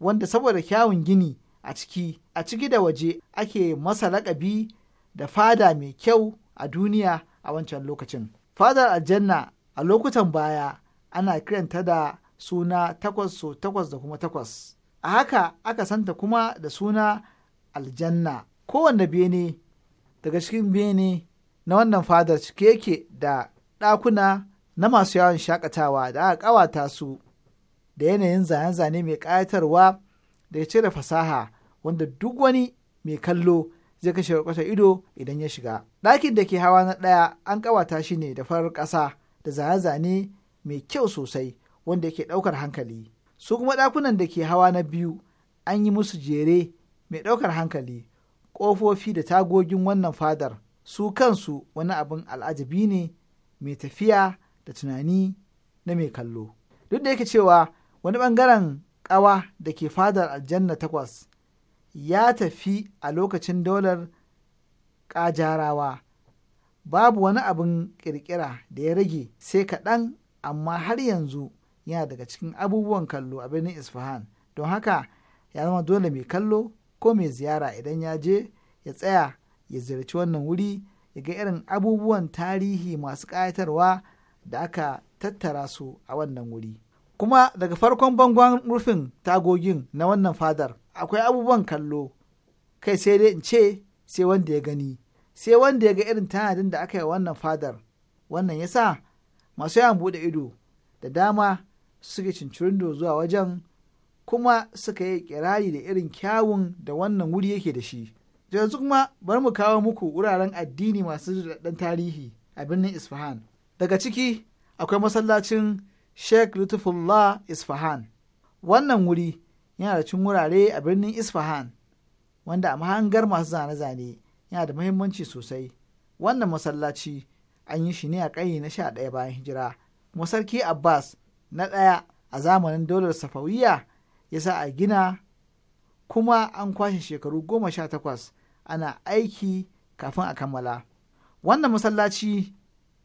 wanda saboda kyawun gini a ciki, a ciki da waje ake masa laƙabi da fada mai kyau a duniya a wancan lokacin. Fadar aljanna a lokutan baya ana kiranta da suna takwas so takwas da kuma takwas. a haka aka santa kuma da suna aljanna kowanne bene daga cikin bene na wannan fadar cike yake da ɗakuna na masu yawon shakatawa da aka ƙawata su da yanayin zane-zane mai ƙayatarwa da ya cire fasaha wanda duk wani mai kallo zai kashe kwata ido idan ya shiga ɗakin da ke hawa na ɗaya an ƙawata shi ne da farar ƙasa da zane-zane mai kyau sosai wanda yake ɗaukar hankali su kuma ɗakunan da ke hawa na biyu an yi musu jere mai ɗaukar hankali ƙofofi da tagogin wannan fadar su kansu wani abin al'ajabi ne mai tafiya da tunani na mai kallo duk da yake cewa wani ɓangaren ƙawa da ke fadar aljanna takwas ya tafi a lokacin daular ƙajarawa babu wani abin ƙirƙira da ya rage sai kaɗan amma har yanzu yana daga cikin abubuwan kallo a birnin isfahan don haka ya zama dole mai kallo ko mai ziyara idan ya je ya tsaya ya ziyarci wannan wuri ya ga irin abubuwan tarihi masu ƙayatarwa da aka tattara su a wannan wuri kuma daga farkon bangon rufin tagogin na wannan fadar akwai abubuwan kallo kai sai dai in ce sai wanda ya gani sai wanda ya ga irin tanadin da aka yi wannan fadar wannan yasa masu yawan bude ido da dama suke cincirindo zuwa wajen kuma suka yi kirari da irin kyawun da wannan wuri yake da shi. yanzu kuma bari mu kawo muku wuraren addini masu daɗaɗɗen tarihi a birnin Isfahan. Daga ciki akwai masallacin Sheikh Lutfullah Isfahan. Wannan wuri yana da cin wurare a birnin Isfahan wanda a mahangar masu zane-zane yana da mahimmanci sosai. Wannan masallaci an yi shi ne a ƙayi na sha ɗaya bayan hijira. Kuma sarki Abbas na ɗaya a zamanin dolar safawiya ya sa a gina kuma an kwashe shekaru goma sha takwas ana aiki kafin a kammala wannan masallaci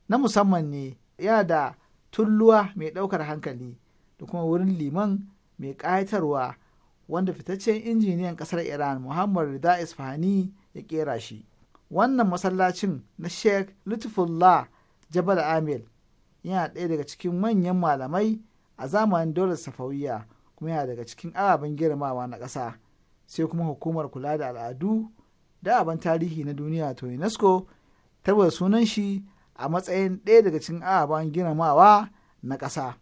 na musamman ne yana da tulluwa mai ɗaukar hankali da kuma wurin liman mai ƙayatarwa wanda fitaccen injiniyan ƙasar iran muhammad rida isfahani ya ƙera shi wannan masallacin na sheikh lutfullah jabal amil yana ɗaya daga cikin manyan malamai a zamanin daular safawiya kuma yana daga cikin ababen girmamawa na ƙasa sai kuma hukumar kula da al'adu da aban tarihi na duniya to unesco ta sunan shi a matsayin ɗaya daga cikin ababen girmamawa na ƙasa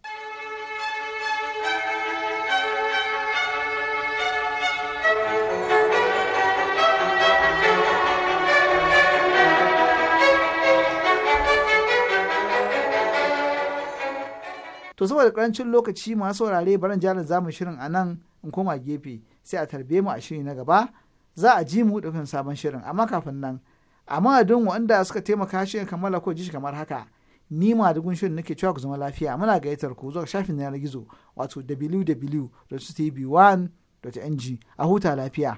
to saboda karancin lokaci masu saurare baran jalar zamu shirin a nan in koma gefe sai a tarbe mu a shiri na gaba za a ji mu dukkan sabon shirin amma kafin nan a madadin wanda suka taimaka shi kammala ko ji kamar haka ni ma da shirin nake cewa ku zama lafiya muna gayyatar ku zuwa shafin na gizo wato www.tv1.ng a huta lafiya.